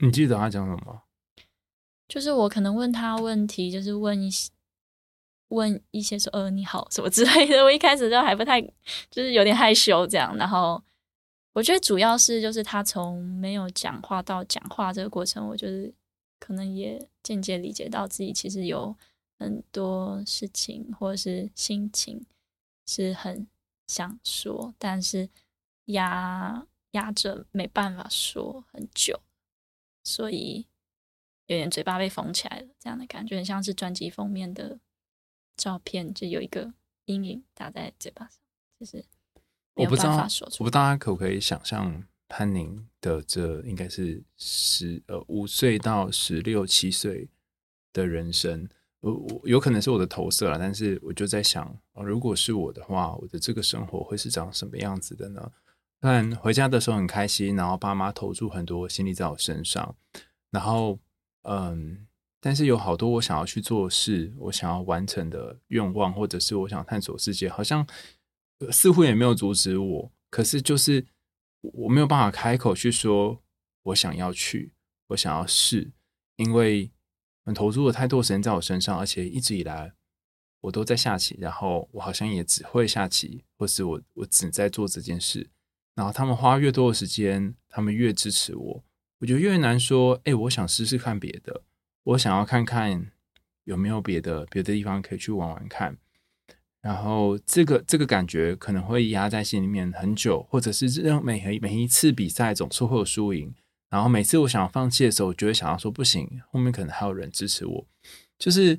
你記得他講什麼？就是我可能問他問題，就是問一些問一些說“呃、哦、你好”什麼之類的。我一開始就還不太，就是有點害羞這樣。然後我覺得主要是就是他從沒有講話到講話這個過程，我就是可能也間接理解到自己其實有很多事情或者是心情是很想說，但是。壓壓着沒辦法說很久，所以有點嘴巴被縫起來了這樣的感覺，很像是專輯封面的照片，就有一個陰影打在嘴巴上，就是我不知道說，我不知道大家可不可以想象，潘寧的這應該是十呃五歲到十六七歲的人生，呃，我有可能是我的投射了，但是我就在想，哦，如果是我的話，我的這個生活會是長什麼樣子的呢？回家的時候很開心，然後爸媽投注很多心力在我身上，然後嗯，但是有好多我想要去做事，我想要完成的願望，或者是我想探索世界，好像、呃、似乎也沒有阻止我。可是就是我沒有辦法開口去說，我想要去，我想要試，因為我投入了太多的時間在我身上，而且一直以來我都在下棋，然後我好像也只會下棋，或是我我只在做這件事。然後他們花越多的時間，他們越支持我。我覺得越難說，哎，我想試試看別的，我想要看看有沒有別的別的地方可以去玩玩看。然後這個這個感覺可能會壓在心裡面很久，或者是讓每每一次比賽總是會有輸贏。然後每次我想放棄的時候，我就會想要說不行，後面可能還有人支持我。就是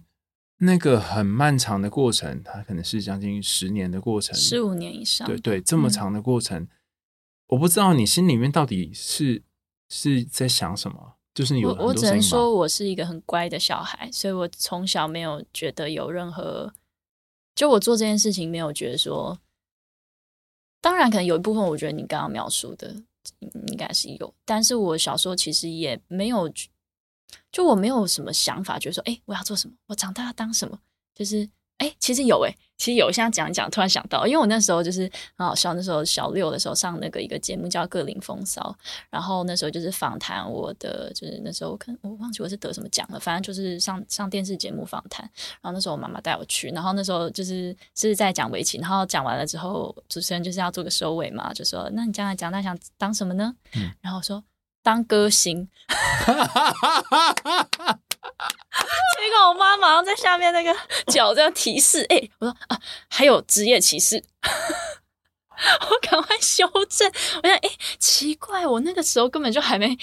那個很漫長的過程，它可能是將近十年的過程，十五年以上，對對，這麼長的過程。嗯我不知道你心裡面到底是是在想什麼，就是你有我，我只能說我是一個很乖的小孩，所以我從小沒有覺得有任何，就我做這件事情沒有覺得說，當然可能有一部分我覺得你剛剛描述的應該是有，但是我小時候其實也沒有，就我沒有什麼想法覺得說，就說哎，我要做什麼，我長大要當什麼，就是。哎、欸，其實有哎、欸，其實有。現在講一講，突然想到，因為我那時候就是很好笑，那時候小六的時候上那個一個節目叫《各領風騷》，然後那時候就是訪談我的，就是那時候我看，我忘記我是得什麼獎了，反正就是上上電視節目訪談。然後那時候我媽媽帶我去，然後那時候就是是在講圍棋。然後講完了之後，主持人就是要做個收尾嘛，就說：“那你將來長大想當什麼呢？”嗯、然後說：“當歌星。” <laughs> <laughs> <laughs> 結果我媽馬上在下面那個腳這樣提示，哎、欸，我說啊，還有職業歧視， <laughs> 我趕快修正。我想，哎、欸，奇怪，我那個時候根本就還沒，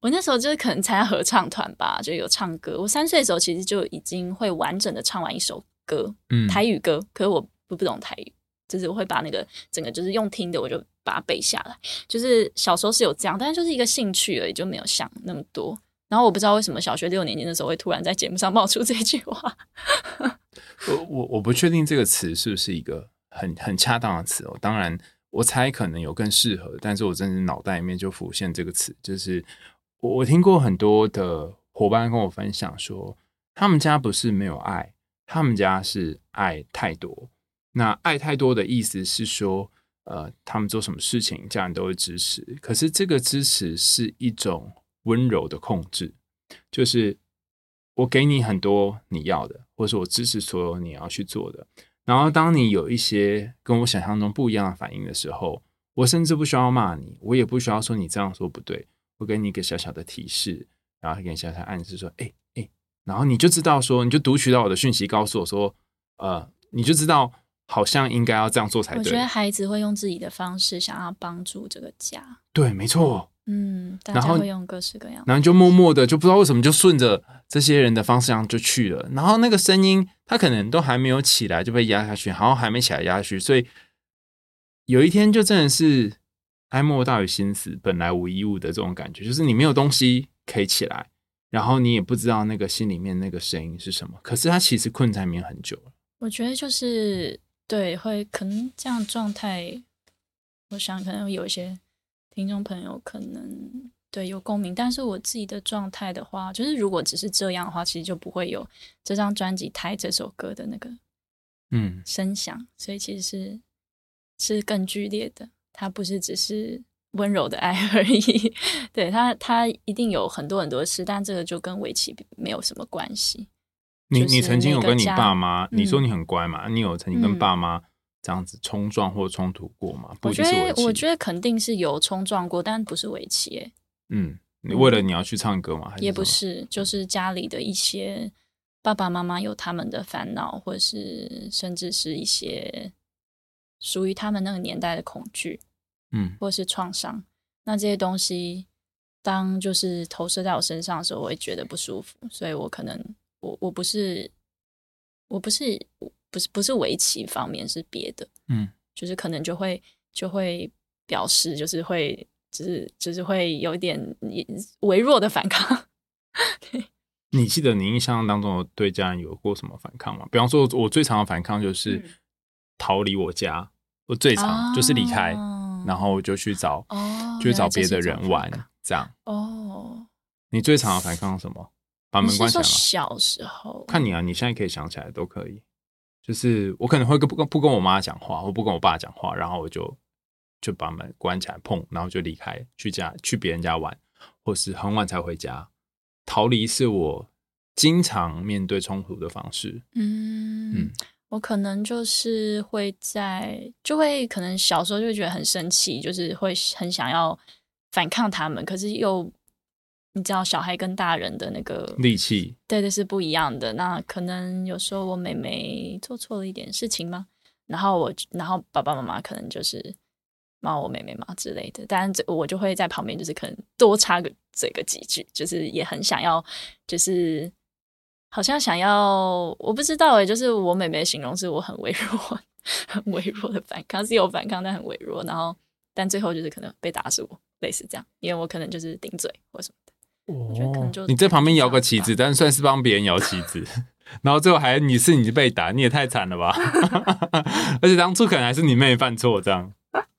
我那時候就是可能參加合唱團吧，就有唱歌。我三歲的時候其實就已經會完整的唱完一首歌，嗯、台語歌，可是我不不懂台語，就是我會把那個整個就是用聽的，我就把它背下來。就是小時候是有這樣，但是就是一個興趣而已，就沒有想那麼多。然後我不知道為什麼小學六年級的時候會突然在節目上冒出這句話。 <laughs> 我我我不確定這個詞是不是一個很很恰當的詞哦。當然，我猜可能有更適合，但是我真的腦袋裡面就浮現這個詞，就是我，我聽過很多的夥伴跟我分享說，他們家不是沒有愛，他們家是愛太多。那愛太多的意思是說，呃，他們做什麼事情，家人都會支持。可是這個支持是一種。溫柔的控制，就是我給你很多你要的，或者是我支持所有你要去做的。然後，當你有一些跟我想象中不一樣的反應的時候，我甚至不需要罵你，我也不需要說你這樣說不對。我給你一個小小的提示，然後給你小小暗示說：“哎、哎。”然後你就知道說，你就讀取到我的訊息，告訴我說：“呃，你就知道好像應該要這樣做才對。”我覺得孩子會用自己的方式想要幫助這個家。對，沒錯。嗯嗯，然後用各式各樣然，然後就默默的就不知道為什麼就順着這些人的方向就去了。然後那個聲音，他可能都還沒有起來就被壓下去，然後還沒起來壓下去。所以有一天就真的是哀莫大於心死，本來無一物的這種感覺，就是你沒有東西可以起來，然後你也不知道那個心裡面那個聲音是什麼。可是他其實困在裡面很久了。我覺得就是對，會可能這樣狀態，我想可能有一些。聽眾朋友可能對有共鳴，但是我自己的狀態的話，就是如果只是這樣的話，其實就不會有這張專輯、台這首歌的那個嗯聲響，嗯、所以其實是是更劇烈的，它不是只是溫柔的愛而已。 <laughs> 對，它、它一定有很多很多事，但這個就跟圍棋沒有什麼關係。你你曾經有跟你爸媽，嗯、你說你很乖嘛？你有曾經跟爸媽？嗯這樣子衝撞或衝突過嗎？不，我覺得，我覺得肯定是有衝撞過，但不是圍棋、欸。哎，嗯，你為了你要去唱歌嗎？還是也不是，就是家裡的一些爸爸媽媽有他們的煩惱，或是甚至是一些屬於他們那個年代的恐懼，嗯，或是創傷。那這些東西，當就是投射在我身上的時候，我會覺得不舒服。所以我可能，我我不是，我不是不是不是圍棋方面，是別的。嗯，就是可能就會就會表示，就是會，就是就是會有一點微弱的反抗。 <laughs> 你記得你印象當中對家人有過什麼反抗嗎？比方說，我最常的反抗就是逃離我家，嗯、我最常就是離開，啊、然後就去找、哦、去，去找別的人玩這，這樣。哦，你最常的反抗是什麼？把門關上。小時候，看你啊，你現在可以想起來都可以。就是我可能會跟不跟不跟我媽講話，或不跟我爸講話，然後我就就把門關起來，砰，然後就離開，去家，去別人家玩，或是很晚才回家。逃離是我經常面對衝突的方式。嗯嗯，嗯我可能就是會在，就會可能小時候就會覺得很生氣，就是會很想要反抗他們，可是又。你知道小孩跟大人的那個力氣，對，這是不一樣的。那可能有時候我妹妹做錯了一點事情嘛，然後我，然後爸爸媽媽可能就是罵我妹妹嘛之類的。但這我就會在旁邊，就是可能多插個嘴個幾句，就是也很想要，就是好像想要，我不知道哎，就是我妹妹形容是我很微弱、很微弱的反抗，是有反抗，但很微弱。然後，但最後就是可能被打死我，類似這樣，因為我可能就是頂嘴或什麼。哦，你在旁邊搖個旗子，子但是算是幫別人搖旗子， <laughs> <laughs> 然後最後還你是你被打，你也太慘了吧！ <laughs> <laughs> 而且當初可能還是你妹犯錯這樣。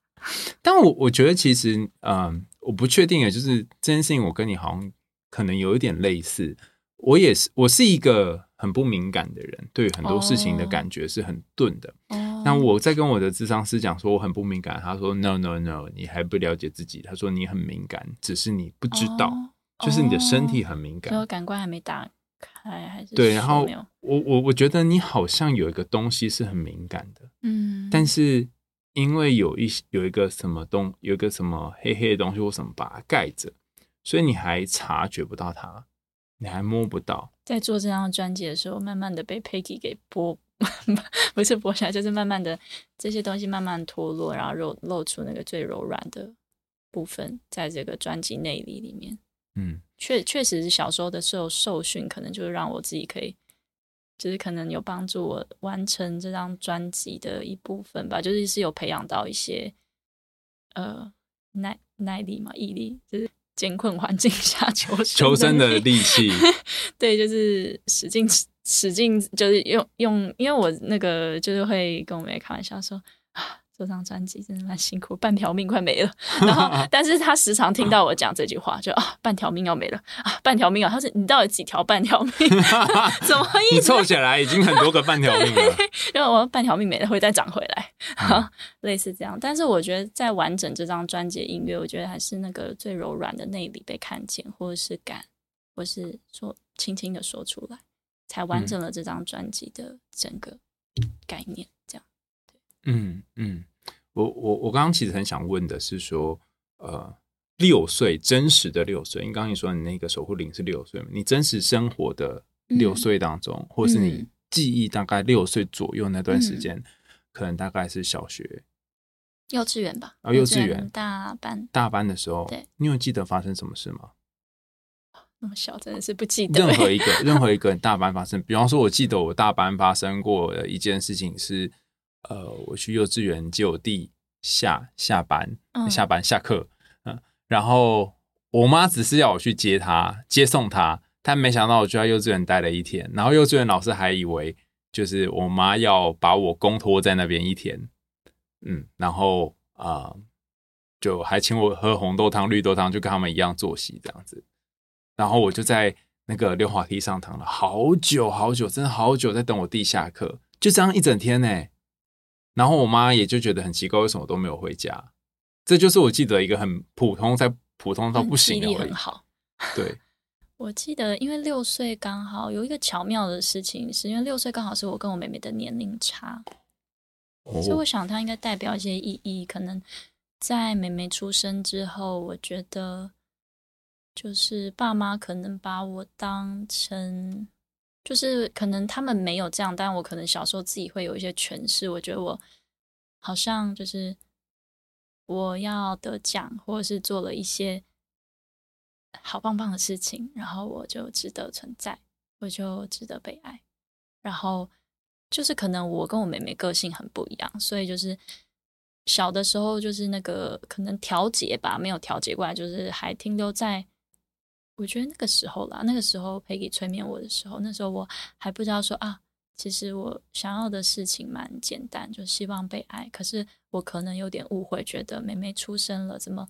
<laughs> 但我我覺得其實，嗯、呃，我不確定，就是這件事情，我跟你好像可能有一點類似。我也是，我是一個很不敏感的人，對很多事情的感覺是很鈍的。Oh. 那我在跟我的諮商師講說我很不敏感，他說 No No No，你還不了解自己。他說你很敏感，只是你不知道。Oh. 就是你的身體很敏感，哦、所以我感官還沒打開，還是沒有？對，然後我我我覺得你好像有一個東西是很敏感的，嗯。但是因為有一有一個什麼東，有一個什麼黑黑的東西，我怎麼把它蓋着，所以你還察覺不到它，你還摸不到。在做這張專輯的時候，慢慢的被 Peggy 給剝，不是剝下來，就是慢慢的這些東西慢慢脫落，然後露露出那個最柔軟的部分，在這個專輯內裡裡面。嗯，確確實是小時候的時候受訓，可能就是讓我自己可以，就是可能有幫助我完成這張專輯的一部分吧。就是是有培養到一些呃耐耐力嘛，毅力，就是艱困環境下求生求生的力氣。 <laughs> 對，就是使勁使勁，就是用用，因為我那個就是會跟我妹開玩笑說。這張專輯真的蠻辛苦，半條命快沒了。然後，但是他時常聽到我講這句話， <laughs> 就啊、哦，半條命要沒了啊，半條命啊。他說：“你到底幾條半條命？ <laughs> 怎麼一直 <laughs> 湊起來已經很多個半條命了？”因為我半條命沒了會再長回來啊， <laughs> 類似這樣。但是我覺得，在完整這張專輯的音樂，我覺得還是那個最柔軟的內裡被看見，或者是敢，或是說輕輕的說出來，才完整了這張專輯的整個概念。嗯嗯嗯，我我我剛剛其實很想問的是說，呃，六歲真實的六歲，因為剛你說你那個守護靈是六歲嘛？你真實生活的六歲當中，嗯、或是你記憶大概六歲左右那段時間，嗯、可能大概是小學、幼稚園吧？啊，幼稚園、嗯、大班大班的時候，對，你有記得發生什麼事嗎？那麼小真的是不記得。任何一個任何一個大班發生， <laughs> 比方說，我記得我大班發生過的一件事情是。呃，我去幼稚園接我弟下下班、嗯、下班，下班下課，嗯、呃，然後我媽只是要我去接他，接送他，但沒想到我就在幼稚園待了一天，然後幼稚園老師還以為就是我媽要把我公托在那邊一天，嗯，然後啊、呃，就還請我喝紅豆湯、綠豆湯，就跟他們一樣作息這樣子，然後我就在那個溜滑梯上躺了好久好久，真的好久，在等我弟下課，就這樣一整天呢、欸。然後我媽也就覺得很奇怪，為什麼我都沒有回家？這就是我記得一個很普通，在普通到不行的回憶。很好，對， <laughs> 我記得，因為六歲剛好有一個巧妙的事情，是因為六歲剛好是我跟我妹妹的年齡差，哦、所以我想它應該代表一些意義。可能在妹妹出生之後，我覺得就是爸媽可能把我當成。就是可能他們沒有這樣，但我可能小時候自己會有一些詮釋。我覺得我好像就是我要得獎，或者是做了一些好棒棒的事情，然後我就值得存在，我就值得被愛。然後就是可能我跟我妹妹個性很不一樣，所以就是小的時候就是那個可能調節吧，沒有調節過來，就是還停留在。我覺得那個時候啦，那個時候 Peggy 催眠我的時候，那時候我還不知道說啊，其實我想要的事情蠻簡單，就希望被愛。可是我可能有點誤會，覺得妹妹出生了，怎麼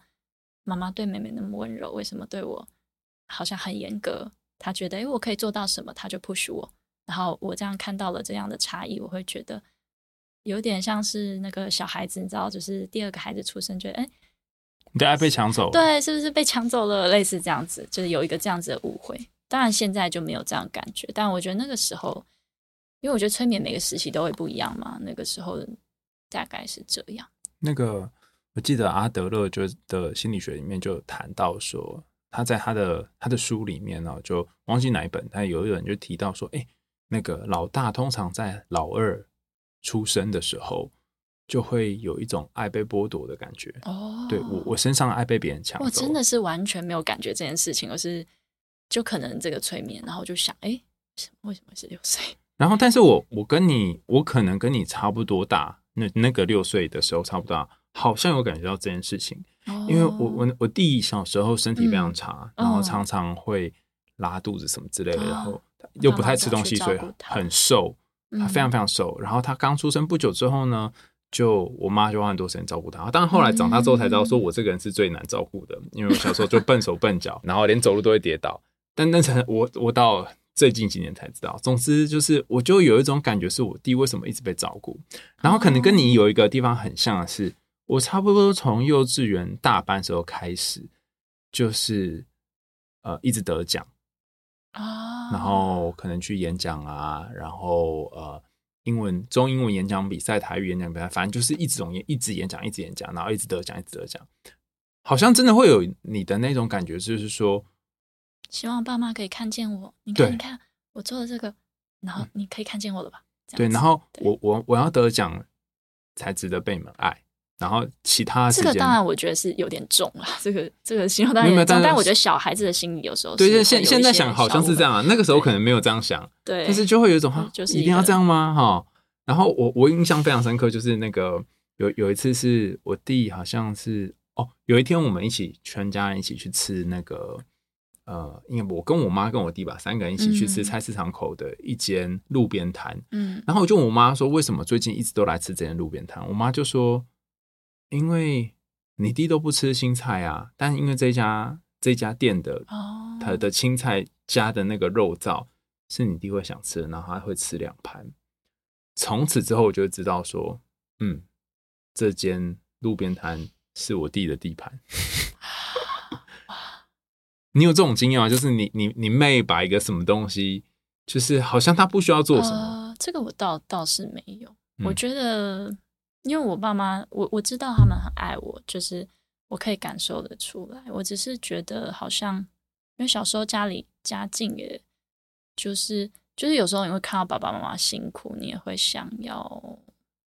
媽媽對妹妹那麼溫柔，為什麼對我好像很嚴格？她覺得哎，我可以做到什麼，她就 push 我。然後我這樣看到了這樣的差異，我會覺得有點像是那個小孩子，你知道，就是第二個孩子出生覺得哎。誒你的愛被搶走，對，是不是被搶走了？類似這樣子，就是有一個這樣子的誤會。當然現在就沒有這樣感覺，但我覺得那個時候，因為我覺得催眠每個時期都會不一樣嘛。那個時候大概是這樣。那個我記得阿德勒就的心理學裡面就談到說，他在他的他的書裡面呢、哦，就忘記哪一本，他有一本就提到說，哎，那個老大通常在老二出生的時候。就會有一種愛被剝奪的感覺哦，對，我我身上愛被別人搶走，我、哦、真的是完全沒有感覺這件事情，而是就可能這個催眠，然後就想，哎，為什麼是六歲？然後，但是我我跟你我可能跟你差不多大，那那個六歲的時候差不多，好像有感覺到這件事情，哦、因為我我我弟小時候身體非常差，嗯、然後常常會拉肚子什麼之類的，哦、然後又不太吃東西，慢慢所以很瘦，他非常非常瘦。嗯、然後他剛出生不久之後呢。就我媽就花很多時間照顧他，當然後來長大之後才知道，說我這個人是最難照顧的，嗯、因為我小時候就笨手笨腳， <laughs> 然後連走路都會跌倒。但那才我我到最近幾年才知道。總之就是，我就有一種感覺，是我弟為什麼一直被照顧，然後可能跟你有一個地方很像的是，是，哦、我差不多從幼稚園大班時候開始，就是呃一直得獎啊，哦、然後可能去演講啊，然後呃。英文、中英文演講比賽、台語演講比賽，反正就是一直演、一直演講、一直演講，然後一直得獎、一直得獎，好像真的會有你的那種感覺，就是說，希望爸媽可以看見我，你看，對你看我做的這個，然後你可以看見我了吧？嗯、對，然後我對我我要得獎，才值得被你們愛。然後其他時間，這個當然我覺得是有點重了、這個，這個這個形容當然但但我覺得小孩子的心理有時候是有對現現在想好像是這樣，啊，對那個時候可能沒有這樣想，對，對但是就會有一種他、啊、就是一,一定要這樣嗎？哈、哦，然後我我印象非常深刻，就是那個有有一次是我弟好像是哦，有一天我們一起全家人一起去吃那個呃，因為我跟我媽跟我弟吧，三個人一起去吃菜市場口的一間路邊攤，嗯，然後我就問我媽說為什麼最近一直都來吃這間路邊攤，我媽就說。因為你弟都不吃青菜啊，但因為這家這家店的、oh. 他的青菜加的那個肉燥是你弟會想吃的，然後他會吃兩盤。從此之後，我就會知道說，嗯，這間路邊攤是我弟的地盤。 <laughs> <laughs> 你有這種經驗啊？就是你你你妹擺一個什麼東西，就是好像他不需要做什麼，呃、這個我倒倒是沒有，嗯、我覺得。因為我爸媽，我我知道他們很愛我，就是我可以感受得出來。我只是覺得好像，因為小時候家裡家境也，就是就是有時候你會看到爸爸媽媽辛苦，你也會想要，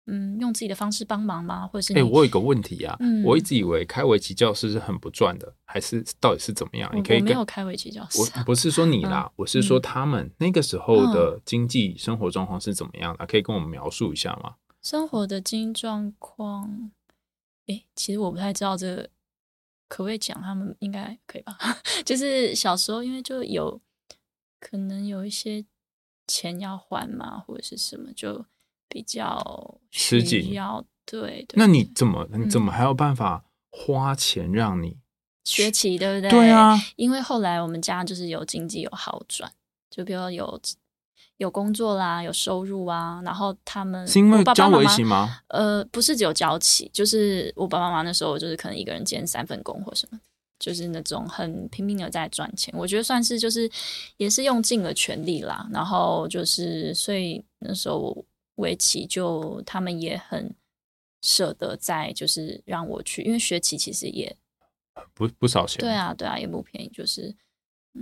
嗯，用自己的方式幫忙嗎？或者是哎、欸，我有一個問題啊，嗯、我一直以為開圍棋教室是很不賺的，還是到底是怎麼樣？我你可以我沒有開圍棋教室，我不是說你啦，嗯、我是說他們那個時候的經濟生活狀況是怎麼樣的、嗯、啊？可以跟我們描述一下嗎？生活的經濟狀況，哎、欸，其實我不太知道這個，可不可以講？他們應該可以吧？ <laughs> 就是小時候，因為就有可能有一些錢要還嘛，或者是什麼，就比較需要。對井對。對對，那你怎麼？你怎麼還有辦法花錢讓你學？學習，對不對？對啊，因為後來我們家就是有經濟有好轉，就比如說有。有工作啦，有收入啊，然後他們是因為教圍棋嗎？爸爸媽媽？呃，不是只有教棋，就是我爸爸媽媽那時候就是可能一個人兼三份工或什麼，就是那種很拼命的在賺錢。我覺得算是就是也是用盡了全力啦。然後就是所以那時候我圍棋就他們也很捨得在，就是讓我去，因為學棋其實也不不少錢，對啊，對啊，也不便宜，就是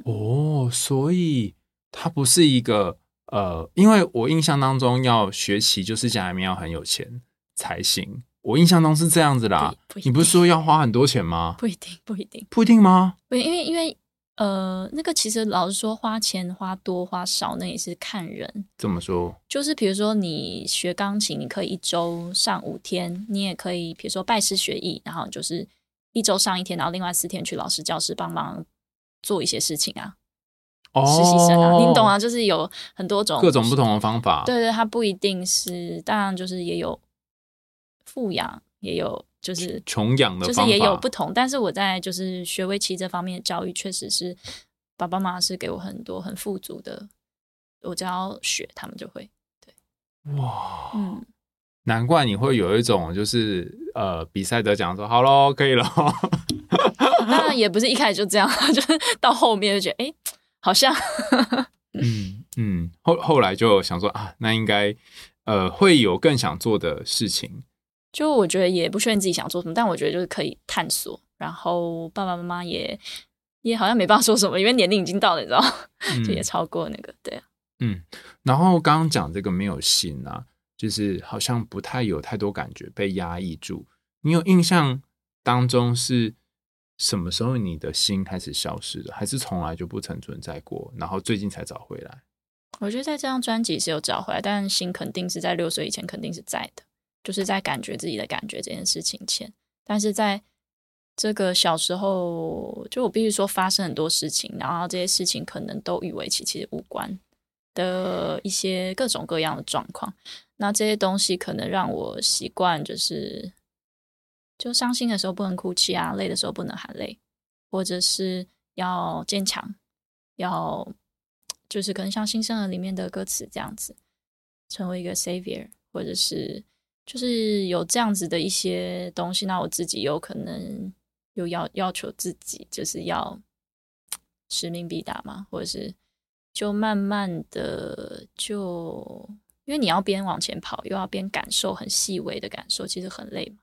哦，嗯 oh, 所以它不是一個。呃，因為我印象當中要學習，就是家裡面要很有錢才行。我印象中是這樣子啦。不不你不是說要花很多錢嗎？不一定，不一定，不一定嗎？因為，因為，呃，那個其實老實說，花錢花多花少，那也是看人。怎麼說，就是比如說你學鋼琴，你可以一周上五天，你也可以，比如說拜師學藝，然後就是一周上一天，然後另外四天去老師教室幫忙做一些事情啊。Oh, 實習生啊，你懂啊，就是有很多種，就是，各種不同的方法。對對，它不一定是，當然就是也有富養，也有就是窮，窮養的方法，就是也有不同。但是我在就是學圍棋這方面的教育，確實是爸爸媽媽是給我很多很富足的。我只要學，他們就會。對哇，嗯，難怪你會有一種就是呃，比賽得獎說好嘍，可以咯 <laughs> 。啊，當然也不是一開始就這樣，就是到後面就覺得哎。好像 <laughs> 嗯，嗯嗯，後後來就想說啊，那應該呃會有更想做的事情。就我覺得也不確定自己想做什麼，但我覺得就是可以探索。然後爸爸媽媽也也好像沒辦法說什麼，因為年齡已經到了，你知道，嗯，就也超過那個，對。嗯，然後剛剛講這個沒有心啊，就是好像不太有太多感覺，被壓抑住。你有印象當中是？什麼時候你的心開始消失的？還是從來就不曾存在過？然後最近才找回來？我覺得在這張專輯是有找回來，但心肯定是在六歲以前肯定是在的，就是在感覺自己的感覺這件事情前。但是在這個小時候，就我必須說發生很多事情，然後這些事情可能都與圍棋其實無關的一些各種各樣的狀況。那這些東西可能讓我習慣，就是。就傷心的時候不能哭泣啊，累的時候不能喊累，或者是要堅強，要就是可能像《新生兒》裡面的歌詞這樣子，成為一個 savior，或者是就是有這樣子的一些東西，那我自己有可能又要要求自己，就是要使命必達嘛，或者是就慢慢的就，因為你要邊往前跑，又要邊感受很細微的感受，其實很累嘛。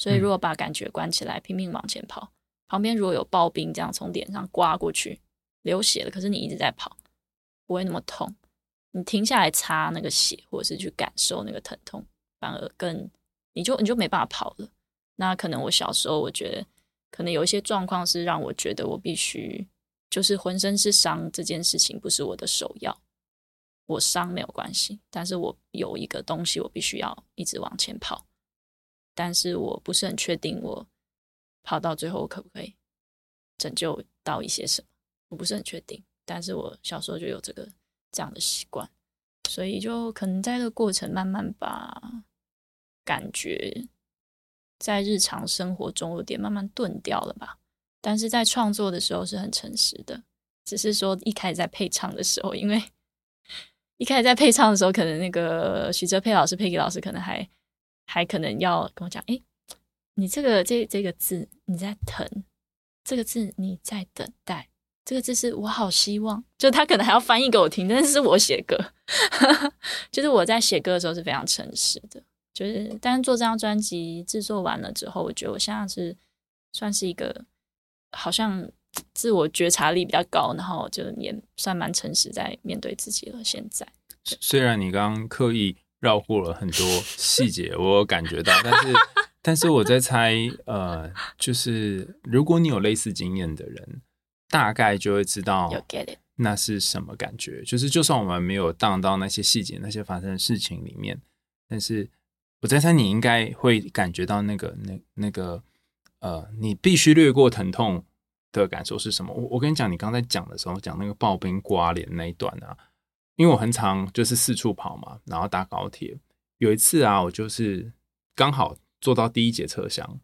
所以，如果把感覺關起來，嗯、拼命往前跑，旁邊如果有刨冰，這樣從臉上刮過去，流血了，可是你一直在跑，不會那麼痛。你停下來擦那個血，或者是去感受那個疼痛，反而更，你就你就沒辦法跑了。那可能我小時候，我覺得可能有一些狀況是讓我覺得我必須，就是渾身是傷這件事情不是我的首要，我傷沒有關係，但是我有一個東西我必須要一直往前跑。但是我不是很確定，我跑到最後我可不可以拯救到一些什麼？我不是很確定。但是我小時候就有這個這樣的習慣，所以就可能在這個過程慢慢把感覺在日常生活中有點慢慢鈍掉了吧。但是在創作的時候是很誠實的，只是說一開始在配唱的時候，因為一開始在配唱的時候，可能那個徐哲佩老師、佩吉老師可能還。還可能要跟我講，哎、欸，你這個這這個字你在疼，這個字你在等待，這個字是我好希望。就他可能還要翻譯給我聽，但是，是我寫歌， <laughs> 就是我在寫歌的時候是非常誠實的。就是，但是做這張專輯制作完了之後，我覺得我現在是算是一個好像自我覺察力比較高，然後就也算蠻誠實在面對自己了現在。雖然你剛刻意繞過了很多細節，我有感覺到，但是但是我在猜，呃，就是如果你有類似經驗的人，大概就會知道那是什麼感覺。就是就算我們沒有盪到那些細節、那些發生的事情裡面，但是我在猜你應該會感覺到那個那那個，呃，你必須略過疼痛的感受是什麼？我我跟你講，你剛才講的時候，講那個刨冰刮臉那一段啊。因為我很常就是四處跑嘛，然後搭高鐵。有一次啊，我就是剛好坐到第一節車廂，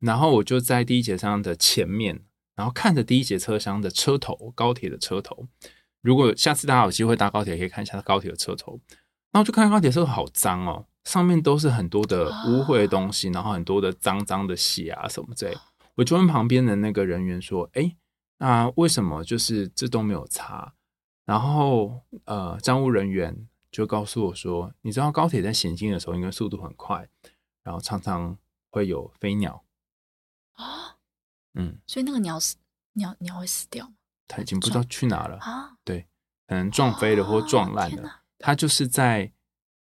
然後我就在第一節車廂的前面，然後看着第一節車廂的車頭，高鐵的車頭。如果下次大家有機會搭高鐵，可以看一下高鐵的車頭。然後就看高鐵的車頭好髒哦，上面都是很多的污穢的東西，然後很多的髒髒的血啊什麼之類。我就問旁邊的那個人員說：“哎，那、啊、為什麼就是這都沒有擦？”然後，呃，站務人員就告訴我說：“你知道高鐵在行進的時候，因為速度很快，然後常常會有飛鳥啊，哦、嗯，所以那個鳥死鳥鳥會死掉嗎？它已經不知道去哪了啊，對，可能撞飛了或撞爛了，哦、它就是在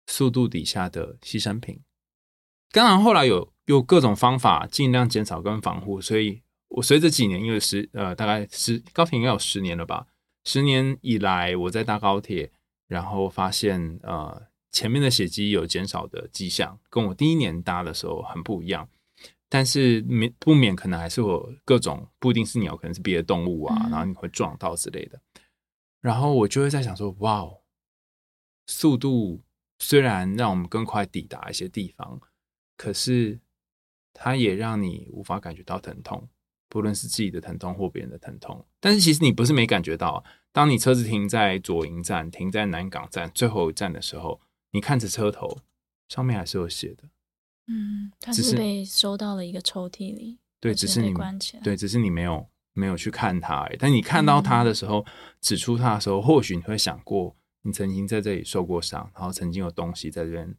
速度底下的犧牲品。當然，後來有有各種方法儘量減少跟防護，所以我隨着幾年，因為十呃，大概十，高鐵應該有十年了吧。”十年以來，我在搭高鐵，然後發現呃，前面的血跡有減少的跡象，跟我第一年搭的時候很不一樣。但是免不免可能還是有各種，不一定是鳥，可能是別的動物啊，嗯、然後你會撞到之類的。然後我就會在想說，哇哦，速度雖然讓我們更快抵達一些地方，可是它也讓你無法感覺到疼痛，不論是自己的疼痛或別人的疼痛。但是其實你不是沒感覺到。當你車子停在左營站，停在南港站最後一站的時候，你看着車頭上面還是有寫的，嗯，只是被收到了一個抽屜裡，對，只是你是關起來，對，只是你沒有沒有去看它而已，但你看到它的時候，嗯、指出它的時候，或許你會想過，你曾經在這裡受過傷，然後曾經有東西在這邊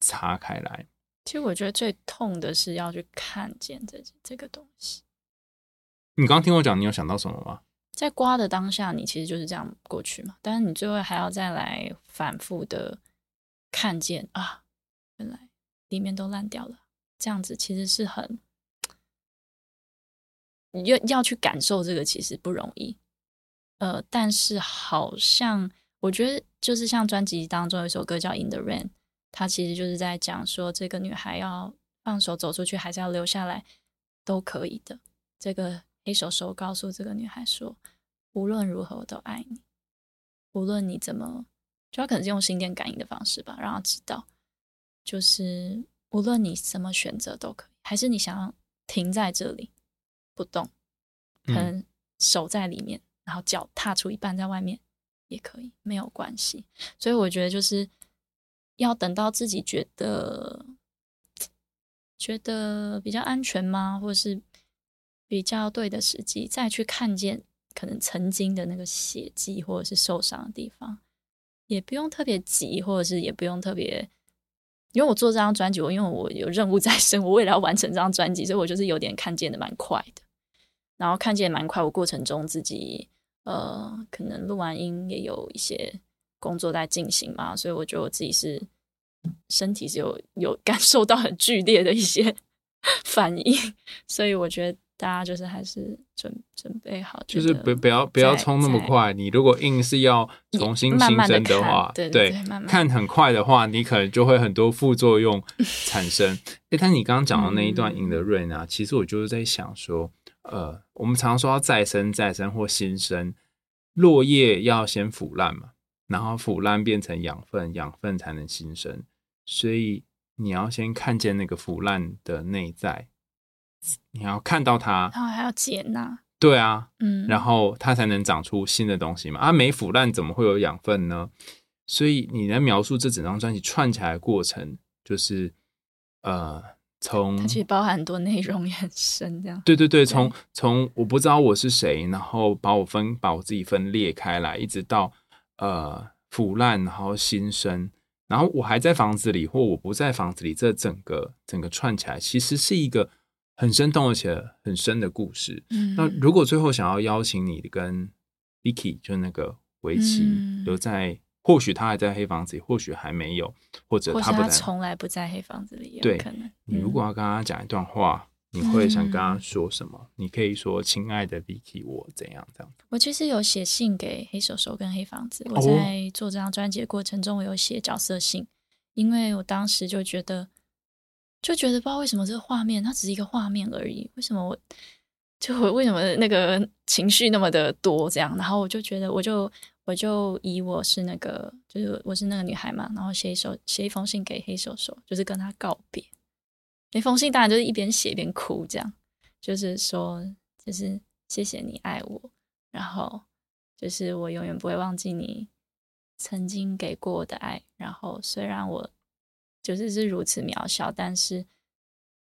擦開來。其實我覺得最痛的是要去看見這這個東西。你剛剛聽我講，你有想到什麼嗎？在刮的當下，你其實就是這樣過去嘛。但是你最後還要再來反復的看見啊，原來裡面都爛掉了。這樣子其實是很。你要要去感受這個，其實不容易。呃，但是好像我覺得，就是像專輯當中有一首歌叫《In the Rain》，它其實就是在講說，這個女孩要放手走出去，還是要留下來，都可以的。這個。黑手手告訴這個女孩說：“無論如何，我都愛你。無論你怎麼，就要可能是用心電感應的方式吧，讓她知道，就是無論你怎麼選擇都可以。還是你想要停在這裡不動，可能手在裡面，嗯、然後腳踏出一半在外面也可以，沒有關係。所以我覺得就是要等到自己覺得覺得比較安全嗎？或者是？”比較對的時機，再去看見可能曾經的那個血跡或者是受傷的地方，也不用特別急，或者是也不用特別，因為我做這張專輯，我因為我有任務在身，我為了要完成這張專輯，所以我就是有點看見的蠻快的，然後看見蠻快。我過程中自己呃，可能錄完音也有一些工作在進行嘛，所以我覺得我自己是身體是有有感受到很劇烈的一些 <laughs> 反應，所以我覺得。大家就是還是準準備好，就是不得不要在不要衝那麼快。在你如果硬是要重新新生的話，慢慢的對，看很快的話，你可能就會很多副作用產生。哎、 <laughs> 欸，但是你剛剛講的那一段 in the rain 啊 <laughs> 其實我就是在想說，呃，我們常說要再生、再生或新生，落葉要先腐爛嘛，然後腐爛變成養分，養分才能新生。所以你要先看見那個腐爛的內在。你要看到它，然後還要剪吶，對啊。嗯，然後它才能長出新的東西嘛。它、啊、沒腐爛，怎麼會有養分呢？所以你在描述這整張專輯串起來的過程，就是呃，從它其實包含很多內容，也很深，這樣。對對對，對，從從我不知道我是誰，然後把我分把我自己分裂開來，一直到呃腐爛，然後新生，然後我還在房子裡，或我不在房子裡，這整個整個串起來，其實是一個。很生動而且很深的故事。嗯、那如果最後想要邀請你跟 Vicky，就那個圍棋有在，嗯、或許他還在黑房子裡，或許還沒有，或者他不在或他從來不在黑房子裡。對，可能你如果要跟他講一段話，嗯、你會想跟他說什麼？嗯、你可以說：“親愛的 Vicky，我怎樣這樣？”我其實有寫信給黑手手跟黑房子。我在做這張專輯的過程中，我有寫角色信，哦、因為我當時就覺得。就覺得不知道為什麼這個畫面，它只是一個畫面而已。為什麼我就為什麼那個情緒那麼的多這樣？然後我就覺得，我就我就以我是那個，就是我是那個女孩嘛。然後寫一首寫一封信給黑手手，就是跟他告別。那封信當然就是一邊寫一邊哭，這樣，就是說，就是謝謝你愛我，然後就是我永遠不會忘記你曾經給過我的愛。然後雖然我。就是是如此渺小，但是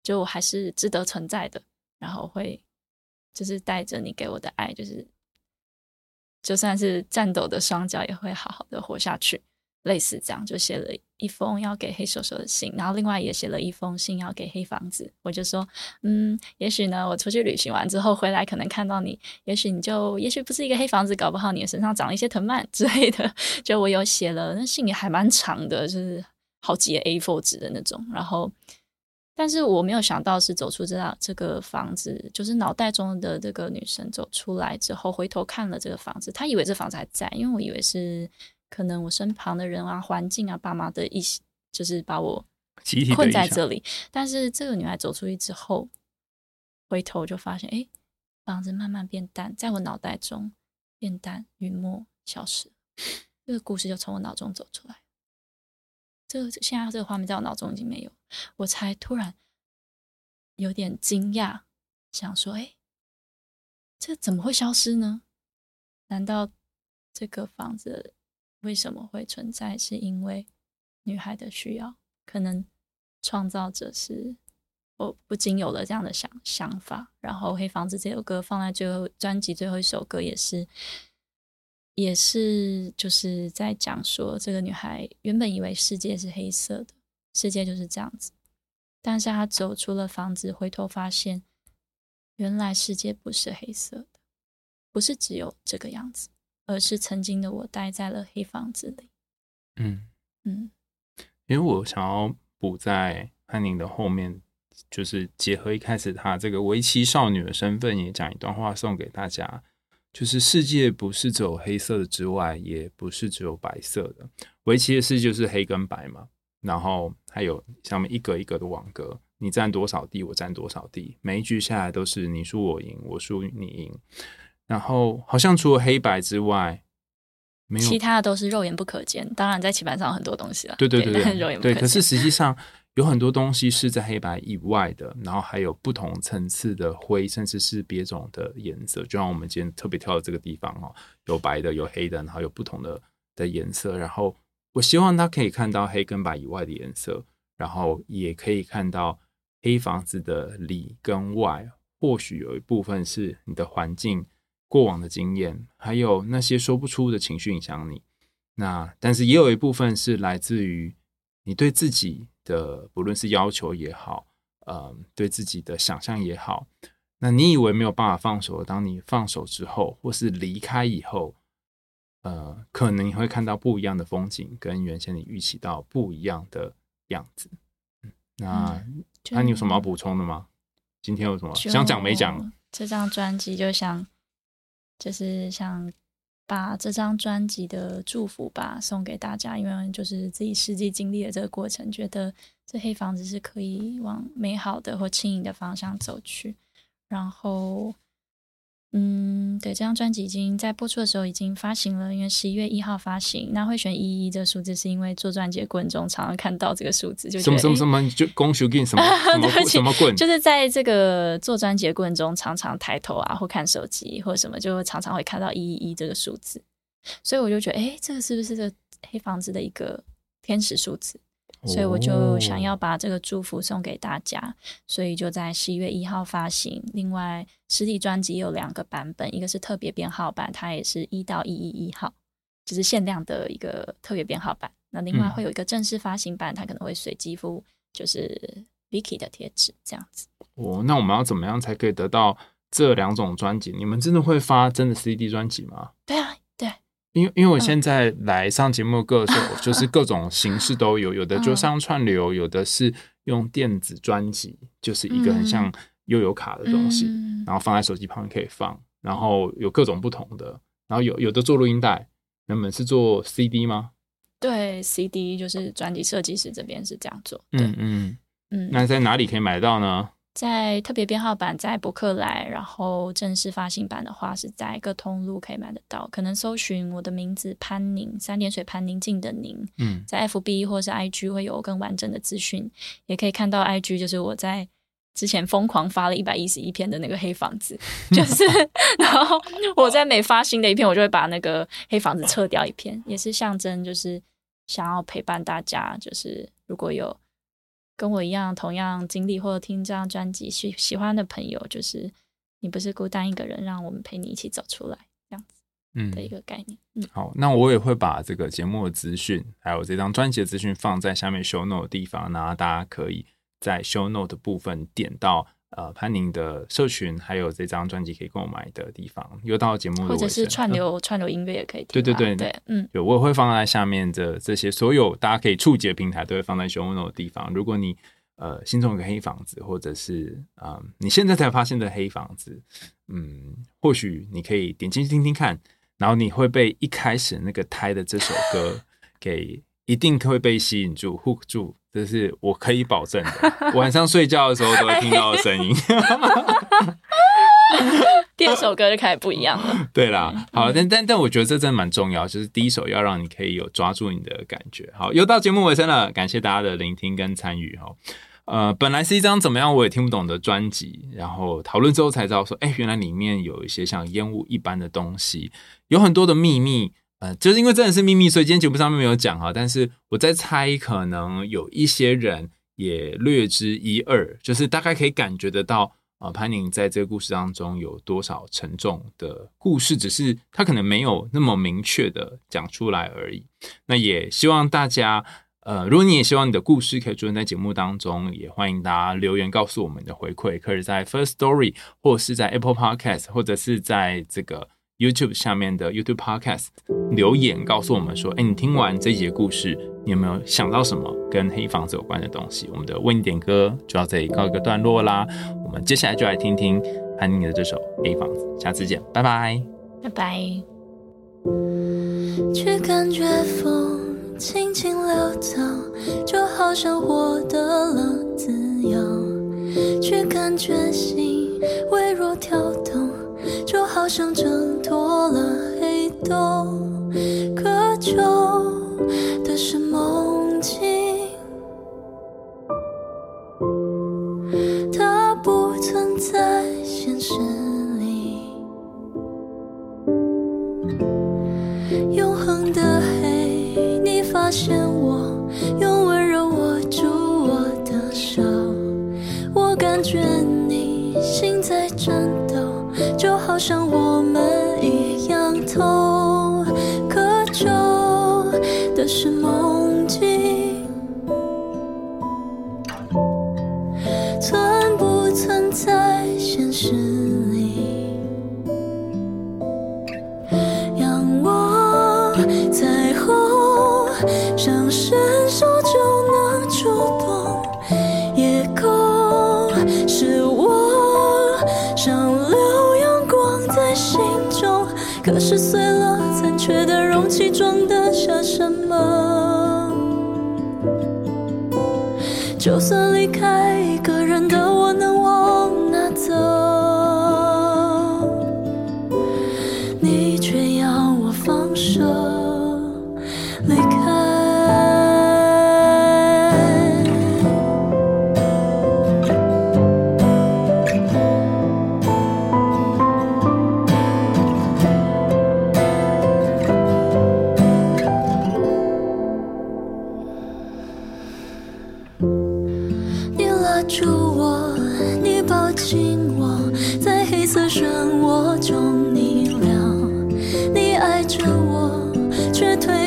就我還是值得存在的。然後會就是帶着你給我的愛，就是就算是顫抖的雙腳，也會好好的活下去。類似這樣，就寫了一封要給黑手手的信，然後另外也寫了一封信要給黑房子。我就說，嗯，也許呢，我出去旅行完之後回來，可能看到你，也許你就也許不是一個黑房子，搞不好你的身上長了一些藤蔓之類的。就我有寫了那信也還蠻長的，就是。好幾頁 A4 紙的那種，然後，但是我沒有想到是走出這這個房子，就是腦袋中的這個女生走出來之後，回頭看了這個房子，她以為這房子還在，因為我以為是可能我身旁的人啊、環境啊、爸媽的一些，就是把我困在這裡。起起但是這個女孩走出去之後，回頭就發現，哎，房子慢慢變淡，在我腦袋中變淡、湮沒消失，這個故事就從我腦中走出來。這現在這個畫面在我腦中已經沒有，我才突然有點驚訝，想說：哎，這怎麼會消失呢？難道這個房子為什麼會存在？是因為女孩的需要？可能創造者是……我不禁有了這樣的想想法，然後《黑房子》這首歌放在最後專輯最後一首歌也是。也是就是在講說，這個女孩原本以為世界是黑色的，世界就是這樣子。但是她走出了房子，回頭發現，原來世界不是黑色的，不是只有這個樣子，而是曾經的我待在了黑房子裡。嗯嗯，嗯因為我想要補在潘寧的後面，就是結合一開始她這個圍棋少女的身份，也講一段話送給大家。就是世界不是只有黑色的之外，也不是只有白色的。圍棋的世界就是黑跟白嘛，然後還有上面一格一格的網格，你占多少地，我占多少地，每一局下來都是你輸我贏，我輸你贏。然後好像除了黑白之外，沒有其他的都是肉眼不可見。當然在棋盤上有很多東西啊，對對對對，可是實際上。有很多東西是在黑白以外的，然後還有不同層次的灰，甚至是別種的顏色。就像我們今天特別挑的這個地方哦，有白的，有黑的，然後有不同的的顏色。然後我希望他可以看到黑跟白以外的顏色，然後也可以看到黑房子的裡跟外。或許有一部分是你的環境、過往的經驗，還有那些說不出的情緒影響你。那但是也有一部分是來自於你對自己。的不論是要求也好，呃，對自己的想象也好，那你以為沒有辦法放手，當你放手之後，或是離開以後，呃、可能你會看到不一樣的風景，跟原先你預期到不一樣的樣子。那，那、嗯啊、你有什麼要補充的嗎？今天有什麼就想講沒講？這張專輯就想，就是像。把這張專輯的祝福吧送給大家，因為就是自己實際經歷了這個過程，覺得這黑房子是可以往美好的或輕盈的方向走去，然後。嗯，對，這張專輯已經在播出的時候已經發行了，因為十一月一號發行。那會選一一一這個數字，是因為做專輯的過程中常常看到這個數字，就、欸、什麼什麼什麼就恭喜，恭喜什麼 <laughs> 對不起什麼棍，就是在這個做專輯的過程中常常抬頭啊，或看手機或者什麼，就常常會看到一一一這個數字，所以我就覺得，哎、欸，這個是不是這黑房子的一個天使數字？所以我就想要把這個祝福送給大家，所以就在十一月一號發行。另外，實體專輯有兩個版本，一個是特別編號版，它也是一到一一一號，就是限量的一個特別編號版。那另外會有一個正式發行版，嗯，它可能會隨機附就是 Vicky 的貼紙這樣子。哦，那我們要怎麼樣才可以得到這兩種專輯？你們真的會發真的 CD 專輯嗎？對啊。因為因為我現在來上節目，各種就是各種形式都有， <laughs> 有的就上串流，有的是用電子專輯，嗯、就是一個很像悠遊卡的東西，嗯、然後放在手機旁可以放，然後有各種不同的，然後有有的做錄音帶，原本是做 CD 嗎？對，CD 就是專輯設計師這邊是這樣做。嗯嗯嗯。那在哪裡可以買到呢？在特別編號版，在博客來，然後正式發行版的話，是在各通路可以買得到。可能搜尋我的名字潘寧，三點水潘寧靜的寧。嗯，在 FB 或是 IG 會有更完整的資訊，也可以看到 IG 就是我在之前瘋狂發了一百一十一篇的那個黑房子，就是 <laughs> <laughs> 然後我在每發新的一篇，我就會把那個黑房子撤掉一篇，也是象徵就是想要陪伴大家，就是如果有。跟我一樣同樣經歷或者聽這張專輯喜喜歡的朋友，就是你不是孤單一個人，讓我們陪你一起走出來，這樣子的一個概念。嗯，嗯好，那我也會把這個節目的資訊，還有這張專輯的資訊放在下面 show note 的地方，然後大家可以在 show note 的部分點到。呃，潘寧的社群，還有這張專輯可以購買的地方，又到節目或者是串流、嗯、串流音樂也可以聽。對對對對，對對嗯有，我也會放在下面的這些所有大家可以觸及的平台，都會放在資訊欄的地方。如果你呃心中有個黑房子，或者是啊、呃、你現在才發現的黑房子，嗯，或許你可以點進去聽聽看，然後你會被一開始那個胎的這首歌給。 <laughs> 一定會被吸引住，hook 住，這是我可以保證的。 <laughs> 晚上睡覺的時候都會聽到的聲音。 <laughs> <laughs> 第二首歌就開始不一樣了。對啦，好，嗯、但但但我覺得這真的蠻重要，就是第一首要讓你可以有抓住你的感覺。好，又到節目尾聲了，感謝大家的聆聽跟參與哈，呃，本來是一張怎麼樣我也聽不懂的專輯，然後討論之後才知道說，哎、欸，原來裡面有一些像煙霧一般的東西，有很多的秘密。嗯、呃，就是因為真的是秘密，所以今天節目上面沒有講哈。但是我在猜，可能有一些人也略知一二，就是大概可以感覺得到，呃，潘寧在這個故事當中有多少沉重的故事，只是他可能沒有那麼明確的講出來而已。那也希望大家，呃，如果你也希望你的故事可以出現在節目當中，也歡迎大家留言告訴我們的回饋，可以在 First Story，或者是在 Apple Podcast，或者是在這個。YouTube 下面的 YouTube Podcast 留言告訴我們說：“哎、欸，你聽完這節故事，你有沒有想到什麼跟黑房子有關的東西？”我們的為你點歌就要這裡告一個段落啦。我們接下來就來聽聽潘寧的這首《黑房子》，下次見，拜拜，拜拜。去感覺風輕輕溜走，就好像獲得了自由；去感覺心微弱跳動。就好像掙脫了黑洞，渴求的是夢境，它不存在現實裡。永恆的黑，你發現。好像我們一樣痛，可求的是夢。